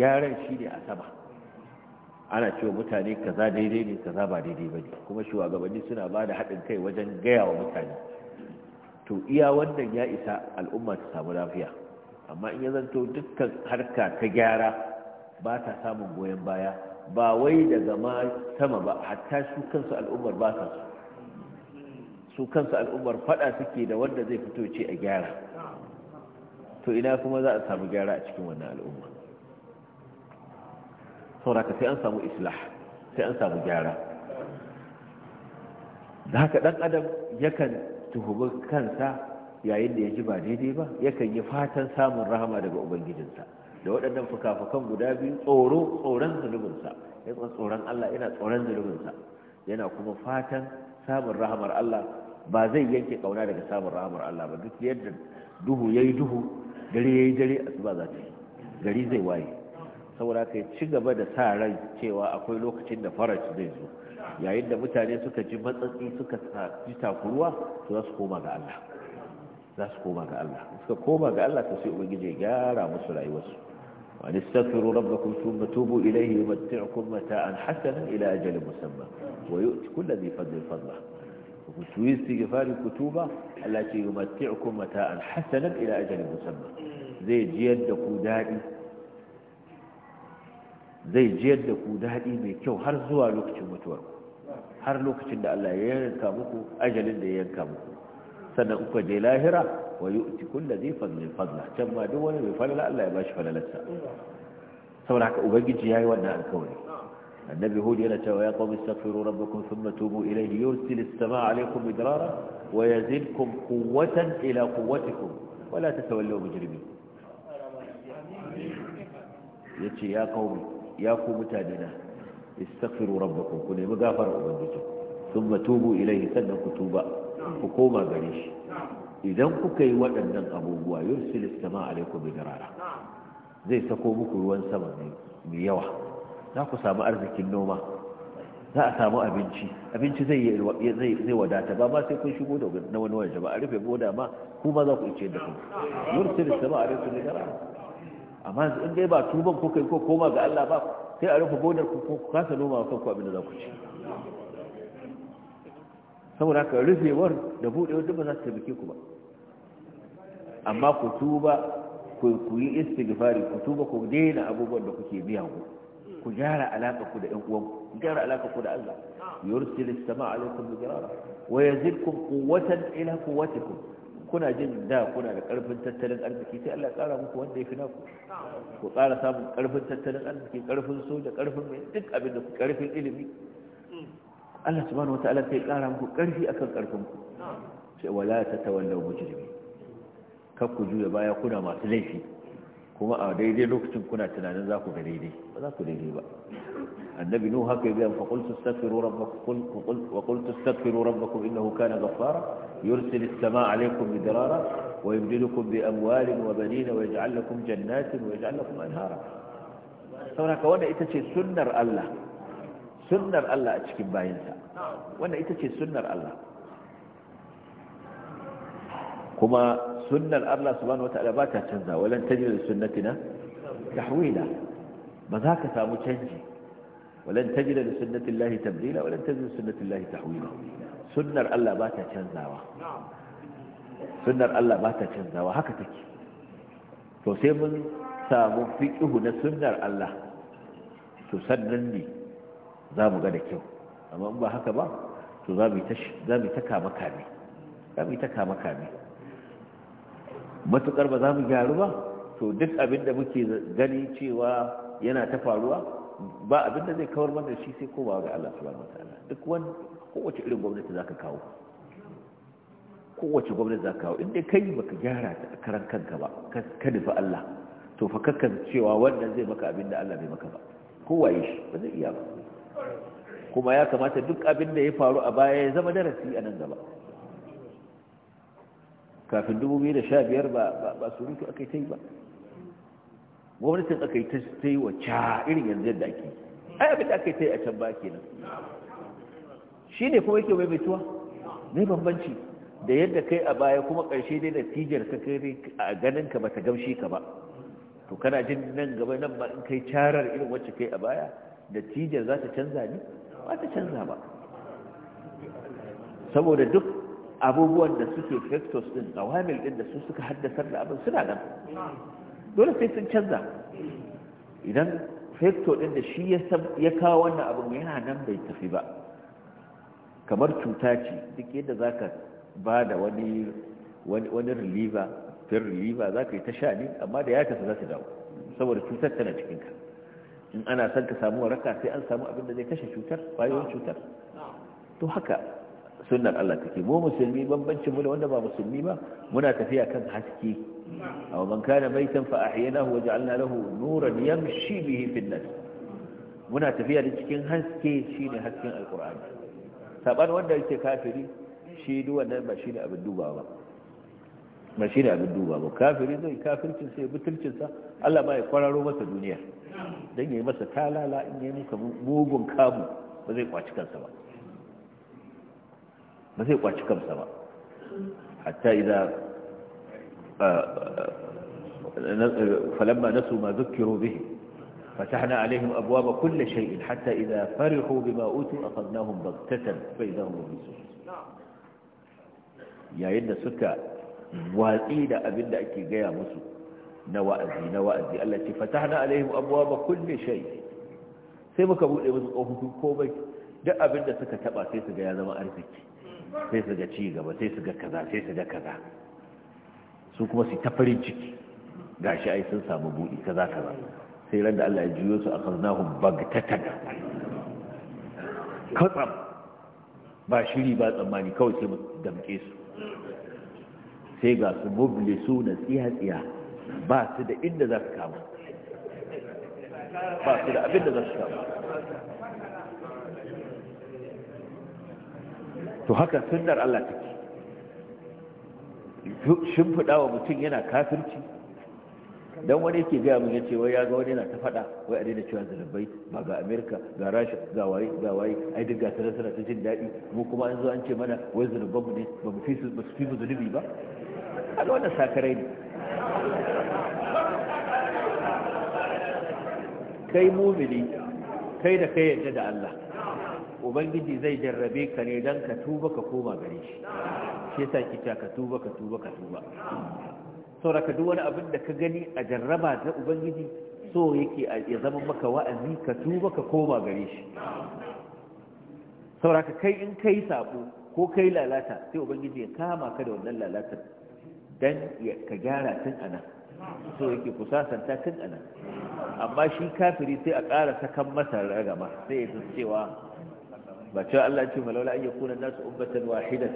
gyaran shi ne a sama ana cewa mutane kaza daidai ne kaza ba daidai bane kuma shugabanni suna ba da haɗin kai wajen gaya wa mutane to iya wannan ya isa al'umma ta samu lafiya amma in ya zanto dukkan harka ta gyara ba ta samun goyon baya ba wai daga ma sama ba hatta su kansu al'ummar ba ta su su kansu al'ummar fada suke da wanda zai fito ce a gyara to ina kuma za a samu gyara a cikin wannan al'umma sauraka sai an samu islah sai an samu gyara da haka dan adam yakan tuhubi kansa yayin da ya ji ba daidai ba yakan yi fatan samun rahama daga ubangijinsa da waɗannan fukafukan guda biyu tsoro tsoron zunubinsa ya tsoron Allah yana tsoron zunubinsa yana kuma fatan samun rahamar Allah ba zai yanke ƙauna daga samun rahamar Allah ba duk yadda duhu ya yi duhu dare ya yi dare asuba za ta yi gari zai waye saboda kai ci gaba da sa rai cewa akwai lokacin da faraci zai zo yayin da mutane suka ji matsatsi suka ji takuruwa to za su koma ga Allah za su koma ga Allah suka koma ga Allah ta sai ubangiji ya gyara musu rayuwarsu wa nastaghfiru rabbakum thumma tubu ilayhi yumatti'ukum mata'an hasanan ila ajalin musamma wa yu'ti kulli dhi fadlin fadla ku tuyi istighfari kutuba Allah ce yumatti'ukum mata'an hasanan ila ajalin musamma zai jiyar da ku dadi zai jiyar da ku dadi mai kyau har zuwa lokacin mutuwarku har lokacin da Allah ya yanka muku ajalin da ya yanka muku sannan kuka je lahira wa yu'ti kullu dhi fadlin fadla can ma duk wani mai falala Allah ya bashi falalarsa saboda haka ubangiji yayi wannan alkawari annabi hud yana cewa ya qawmi astaghfiru rabbakum thumma tubu ilayhi yursilu as-samaa'a 'alaykum midrara wa yazidkum quwwatan ila quwwatikum wa la tatawallaw mujrimin yace ya qawmi ya ku mutanena istaghfiru rabbakum ku nemi gafara ubangiji thumma tubu ilayhi sannan ku tuba ku koma gare shi idan kuka yi waɗannan abubuwa yursil sama alaikum bidarara zai sako muku ruwan sama mai yawa za ku samu arzikin noma za a samu abinci abinci zai zai wadata ba ma sai kun shigo da na wani waje ba a rufe boda ma ku ma za ku ice da ku yursil sama alaikum bidarara amma in dai ba tuban kuka yi ko koma ga Allah ba sai a rufe gonar ku ku kasa noma a kanku abinda za ku ci saboda ka rufewar da buɗewar wadda ba za su taimake ku ba amma ku tuba ku yi istighfari ku tuba ku daina abubuwan da kuke biya ku ku gyara alaƙa ku da ƴan uwan ku gyara alaƙa ku da Allah yursilis sama'a alaikum bi jarara wa yazidkum quwwatan ila quwwatikum kuna jin da kuna da karfin tattalin arziki sai Allah ƙara muku wanda ya fi naku ku ƙara samun karfin tattalin arziki karfin soja karfin mai duk abin da ku karfin ilimi Allah subhanahu wataala sai ƙara muku karfi akan karfin ku sai wala tatawallaw mujrimi kar ku juya baya kuna masu laifi kuma a daidai lokacin kuna tunanin za ku ga daidai ba za ku daidai ba النبي نوح هكذا فقلت استغفروا ربكم وقلت استغفروا ربكم إنه كان غفارا يرسل السماء عليكم مدرارا ويمددكم بأموال وبنين ويجعل لكم جنات ويجعل لكم أنهارا sauraka wanda ita ce sunnar Allah a cikin bayansa wanda ita ce sunnar Allah kuma sunnar Allah subhanahu wataala ba ta canza walan tajid sunnatina ba za ka samu canji walan tajida da sunnatillahi tabdila walan tajida da sunnatillahi tahwila sunnar Allah ba ta canzawa sunnar Allah ba ta canzawa haka take to sai mun samu fiqhu na sunnar Allah to sannan ne za mu ga da kyau amma in ba haka ba to za mu ta ta kama kame ba za mu gyaru ba to duk abin da muke gani cewa yana ta faruwa ba abin da zai kawar mana shi sai komawa ga Allah subhanahu wataala duk wani kowace irin gwamnati zaka kawo kowace gwamnati zaka kawo inda kai baka gyara ta karan kanka ba ka nufi Allah to fa kakan cewa wannan zai maka abin da Allah bai maka ba kowa yi shi ba zai iya ba kuma ya kamata duk abin da ya faru a baya ya zama darasi a nan gaba kafin 2015 ba ba surutu aka yi ta yi ba gwamnatin aka yi ta yi wa ca irin yanzu yadda ake ai abin da aka yi ta yi a can ba kenan shi ne kuma yake maimaituwa ne bambanci da yadda kai a baya kuma ƙarshe dai dattijar ka kai a ganin ka bata gamshi ka ba to kana jin nan gaba nan ba in kai carar irin wacce kai a baya natijar za ta canza ne ba ta canza ba saboda duk abubuwan da suke factors din awamil din da su suka haddasar da abin suna nan dole sai sun canza idan fekto ɗin da shi ya kawo wannan abin yana nan bai tafi ba kamar cuta ce duk yadda za ka ba da wani reliever fir reliever za ka yi ta sha ne amma da ya kasa za su dawo saboda cutar tana cikinka in ana son ka samu waraka sai an samu abin da zai kashe cutar bayan cutar to haka sunan Allah take mu musulmi bambancin mu da wanda ba musulmi ba muna tafiya kan haske أو من كان ميتا فأحييناه وجعلنا له نورا يمشي به في الناس muna tafiya da cikin haske shine hasken alkur'ani saban wanda yake kafiri shi duk wannan ba shine abin duba ba ba shine abin duba ba kafiri zai kafircin sai butulcin sa Allah ba ya kwararo masa duniya dan yayi masa talala in yayi muka mugun kamu ba zai kwaci kansa ba ba zai kwaci kansa ba hatta idan فلما نسوا ما ذكروا به فتحنا عليهم أبواب كل شيء حتى إذا فرحوا بما أوتوا أخذناهم بغتة فإذا هم مبلسون yayin da suka watsi da abin ake gaya musu na wa'azi na wa'azi Allah ce fatahna alaihim abwaaba kulli shay sai muka bude musu kofofin komai duk abinda suka taba sai su ya zama arziki sai ci gaba sai suga kaza sai kaza su kuma su ta farin ciki Ga shi ai sun samu buɗi kaza kaza sai ran da Allah ya juyo su ta bagtatan katsam ba shiri ba tsammani kawai sai mu damke su sai ga su mublisu na tsiya tsiya ba su da inda za su kama ba su da abin da za su kama to haka sunnar Allah take fada wa mutum yana kafirci don wani yake gaya mun yace wai ya ga wani yana ta faɗa wai a daina cewa zalibai ba ga amerika ga rasha ga waye ga waye ai duk gasar suna ta jin daɗi mu kuma an zo an ce mana wai zaliban mu ne ba mu fi su ba su fi mu zunubi ba a ga wannan sakarai ne kai mumini kai da kai yadda da Allah ubangiji zai jarrabe ka ne don ka tuba ka koma gare shi shi sa ki ka tuba ka tuba ka tuba saboda ka duk wani abin da ka gani a jarraba ta ubangiji so yake ya zama maka wa'azi ka tuba ka koma gare shi saboda ka kai in kai sabo ko kai lalata sai ubangiji ya kama ka da wannan lalata don ka gyara tun anan so yake kusasanta tun anan amma shi kafiri sai a ƙara sakan masa ragama sai ya cewa باتشاء الله أنتم لولا أن يكون الناس أمة واحدة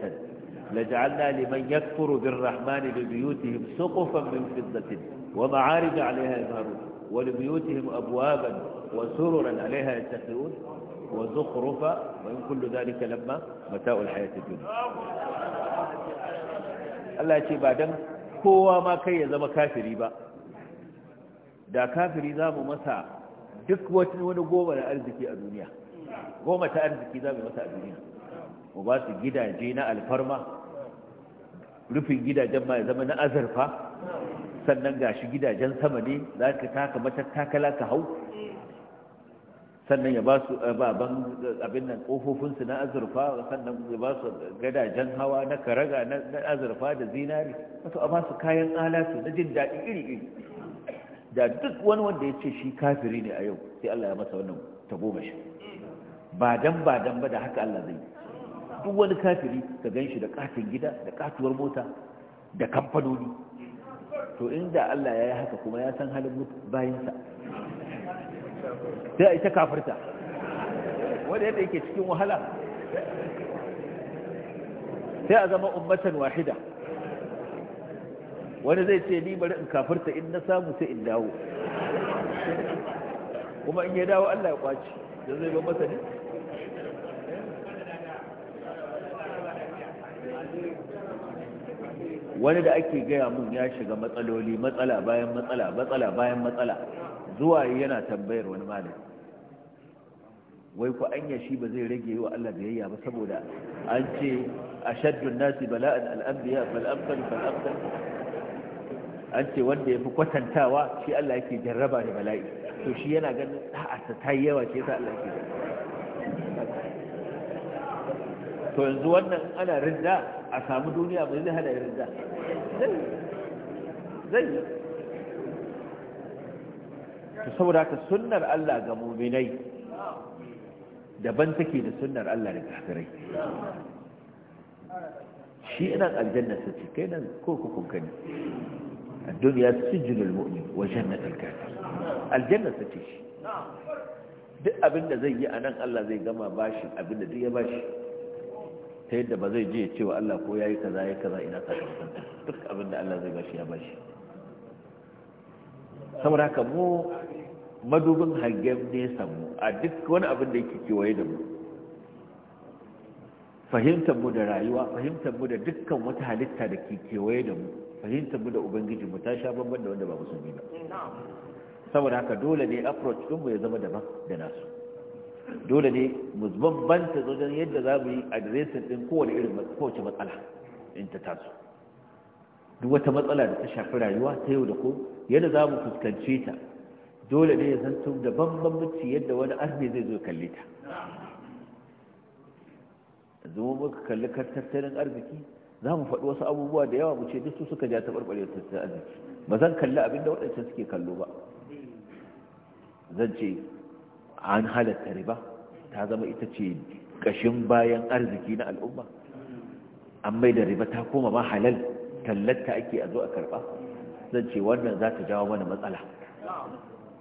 لجعلنا لمن يكفر بالرحمن لبيوتهم سقفا من فضة ومعارج عليها يظهرون ولبيوتهم أبوابا وسررا عليها يتخلون وزخرفا وإن كل ذلك لما متاء الحياة الدنيا الله يتي بعدا هو ما كي يزم كافري با دا كافري ذا ممسا دكوة ونقوة لأرضك الدنيا goma ta arziki za mu masa a duniya mu ba su gidaje na alfarma rufin gidajen ma ya zama na azurfa sannan ga shi gidajen sama ne za ka taka matattakala ka hau sannan ya ba su eh, baban abin nan su na azurfa sannan ya ba su gadajen hawa na karaga na azurfa da zinari Wasu a ba su kayan alatu na jin daɗi iri-iri da duk wani wanda ya ce shi kafiri ne a yau sai Allah ya masa wannan shi. ba dan ba dan ba da haka Allah zai duk wani kafiri ka ganshi da katin gida da katuwar mota da kamfanoni to inda Allah ya yi haka kuma ya san halin bayansa sai a ita kafirta wanda yadda yake cikin wahala sai a zama ummatan wahida wani zai ce ni bari in kafirta in na samu sai in dawo kuma in ya dawo Allah ya kwaci da zai ba masa ne wani da ake gaya mun ya shiga matsaloli matsala bayan matsala matsala bayan matsala zuwa yana tambayar wani malami wai ku anya shi ba zai rage wa Allah biyayya ba saboda an ce a ashaddun nasi bala'an al'anbiya fal amsal an ce wanda ya fi kwatantawa shi Allah yake jarraba da bala'i to shi yana ganin da'a ta yi yawa ce ta Allah yake to yanzu wannan ana rinda a samu duniya ba zai hada irin da zai yi ta saboda haka sunnar Allah ga muminai daban take da sunnar Allah da kafirai shi ina aljanna ta ce kai nan ko kukun ne a duniya sujjinul mu'min wa jannatul kafir aljanna ta ce shi duk abinda da zai yi a nan Allah zai gama bashi abinda duk ya bashi ta yadda ba zai je ya cewa Allah ko ya yi kaza yayi kaza ina sakamakon duk abin da Allah zai shi ya shi saboda haka mu madubin hangen nesa mu a duk wani abin da yake kewaye da mu fahimtar mu da rayuwa fahimtar mu da dukkan wata halitta da ke kewaye da mu fahimtar mu da ubangiji mu ta sha bamban da wanda ba musulmi ba saboda haka dole ne approach ɗinmu ya zama daban da nasu dole ne mu bambanta yadda za mu yi adiresin ɗin kowane irin kowace matsala in ta taso duk wata matsala da ta shafi rayuwa ta yau da ko yadda za mu fuskance ta dole ne ya tun da bambamci yadda wani arme zai zo kalli ta zama muka kalli tattalin arziki za mu faɗi wasu abubuwa da yawa mu ce duk su suka ja taɓarɓarewar tattalin arziki ba zan kalli abin da waɗancan suke kallo ba zan ce an halatta riba ta zama ita ce ƙashin bayan arziki na al'umma an mai da riba ta koma ma halal tallata ake a zo a karba zan ce wannan za ta jawo mana matsala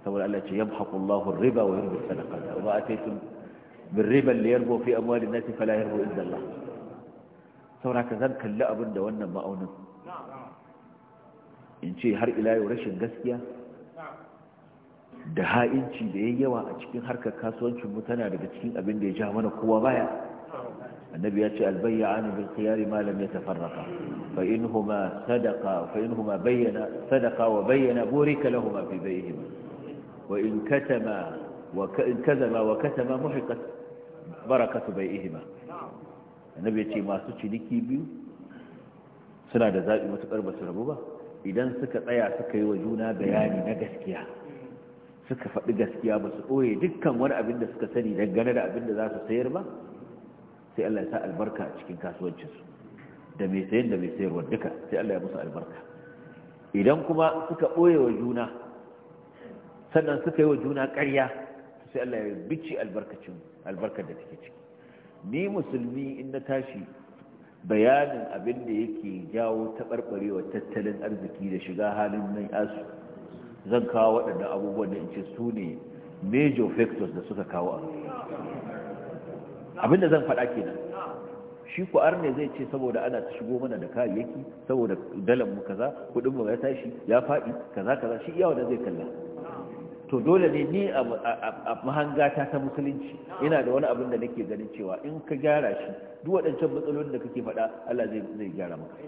saboda Allah ce yamhaqu Allahu riba wa yurbi sadaqata wa ataytum bir riba li yarbu fi amwali nasi fala yarbu illa Allah saboda ka zan kalli abin da wannan ma'aunin in ce har ila yau rashin gaskiya da ha'inci da ya yawa a cikin harkar kasuwancin mu tana daga cikin abin da ya ja mana kowa baya annabi ya ce albayyana bil khiyari ma lam yatafarraqa fa inhuma sadaqa fa inhuma bayyana sadaqa wa bayyana burika lahumu fi bayhima wa in katama wa in kazama wa katama muhiqat barakatu bayhima annabi ya ce masu ciniki biyu suna da zabi matukar basu rabu ba idan suka tsaya suka yi wa juna bayani na gaskiya suka faɗi gaskiya ba su ɓoye dukkan wani abin da suka sani dangane da abin da za su sayar ba sai Allah ya sa albarka a cikin kasuwancinsu da mai sayan da mai sayarwa duka sai Allah ya musu albarka idan kuma suka ɓoye wa juna sannan suka yi wa juna ƙarya sai Allah ya bici albarkacin albarkar da take ciki ni musulmi in na tashi bayanin abin da yake jawo taɓarɓarewa tattalin arziki da shiga halin mai asu zan kawo waɗanda abubuwan da in ce su ne major factors da suka kawo a abinda zan faɗa kenan shi ku ne zai ce saboda ana ta shigo mana da kayayyaki saboda dalan mu kaza kudin mu ya tashi ya faɗi kaza kaza shi iya wanda zai kalla to dole ne ni a mahangata ta musulunci ina da wani abin da nake ganin cewa in ka gyara shi duk waɗancan matsalolin da kake faɗa Allah zai gyara maka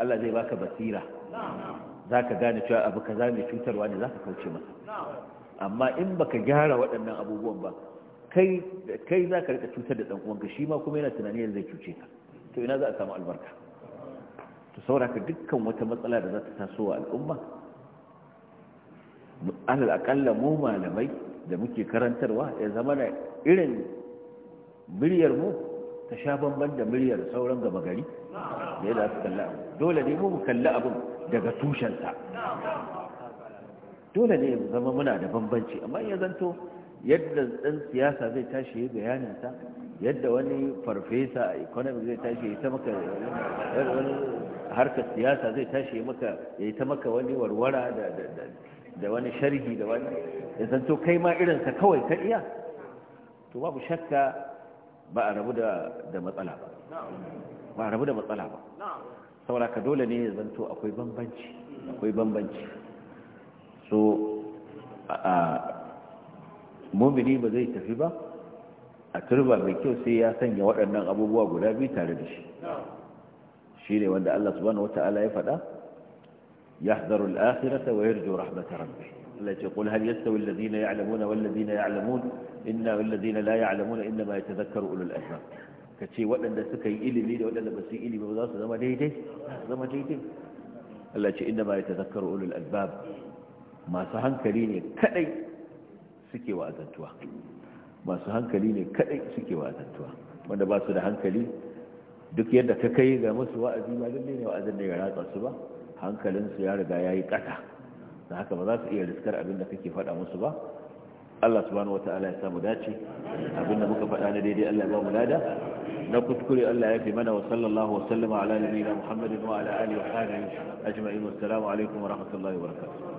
Allah zai baka basira za ka gane cewa abu kaza mai cutarwa ne za ka kauce masa amma in ba ka gyara waɗannan abubuwan ba kai za ka rika cutar da ɗan'uwanka shi ma kuma yana tunani yanzu zai cuce ka to ina za a samu albarka to ka dukkan wata matsala da za ta taso wa al'umma alal akalla mu malamai da muke karantarwa ya zama na irin miliyar mu ta sha bambam da miliyar sauran gaba gari da yadda su kalla abu dole ne mu kalla abin daga tushensa dole ne zama muna da bambanci amma ya zanto yadda ɗan siyasa zai tashi ya bayaninsa yadda wani farfesa a economy zai tashi ya ta maka wani harkar siyasa zai tashi ya ta maka wani warwara da wani sharhi da wani ya zanto kai ma irinsa kawai ka iya to babu shakka ba a rabu da matsala ba ba a rabu da matsala ba saboda ka dole ne ya zanto akwai bambanci akwai bambanci so a mumini ba zai tafi ba a turba mai kyau sai ya sanya waɗannan abubuwa guda biyu tare da shi shi ne wanda Allah subhanahu wata'ala ya faɗa yahzaru al-akhirata wa yarju rahmatar rabbi Allah ce qul hal yastawi alladhina ya'lamuna wal ladina ya'lamun inna wal ladina la ya'lamuna inma yatadhakkaru ulul albab ka ce waɗanda suka yi ilimi da waɗanda ba su yi ilimi ba za su zama daidai zama daidai Allah ce inda ba ya tazakkaru ulul albab masu hankali ne kadai suke wa'azantuwa masu hankali ne kadai suke wa'azantuwa wanda ba su da hankali duk yadda ka kai ga musu wa'azi ba lalle ne wa'azin da ya ratsa su ba hankalinsu ya riga ya yi kasa da haka ba za su iya riskar abin da kake faɗa musu ba Allah subhanahu wata'ala ya samu dace abinda muka faɗa na daidai Allah ya ba mu lada na kuskure Allah ya fi mana wa sallallahu wa sallama ala nabiyina Muhammadin wa ala alihi wa sahbihi ajma'in wa assalamu alaikum wa rahmatullahi wa barakatuh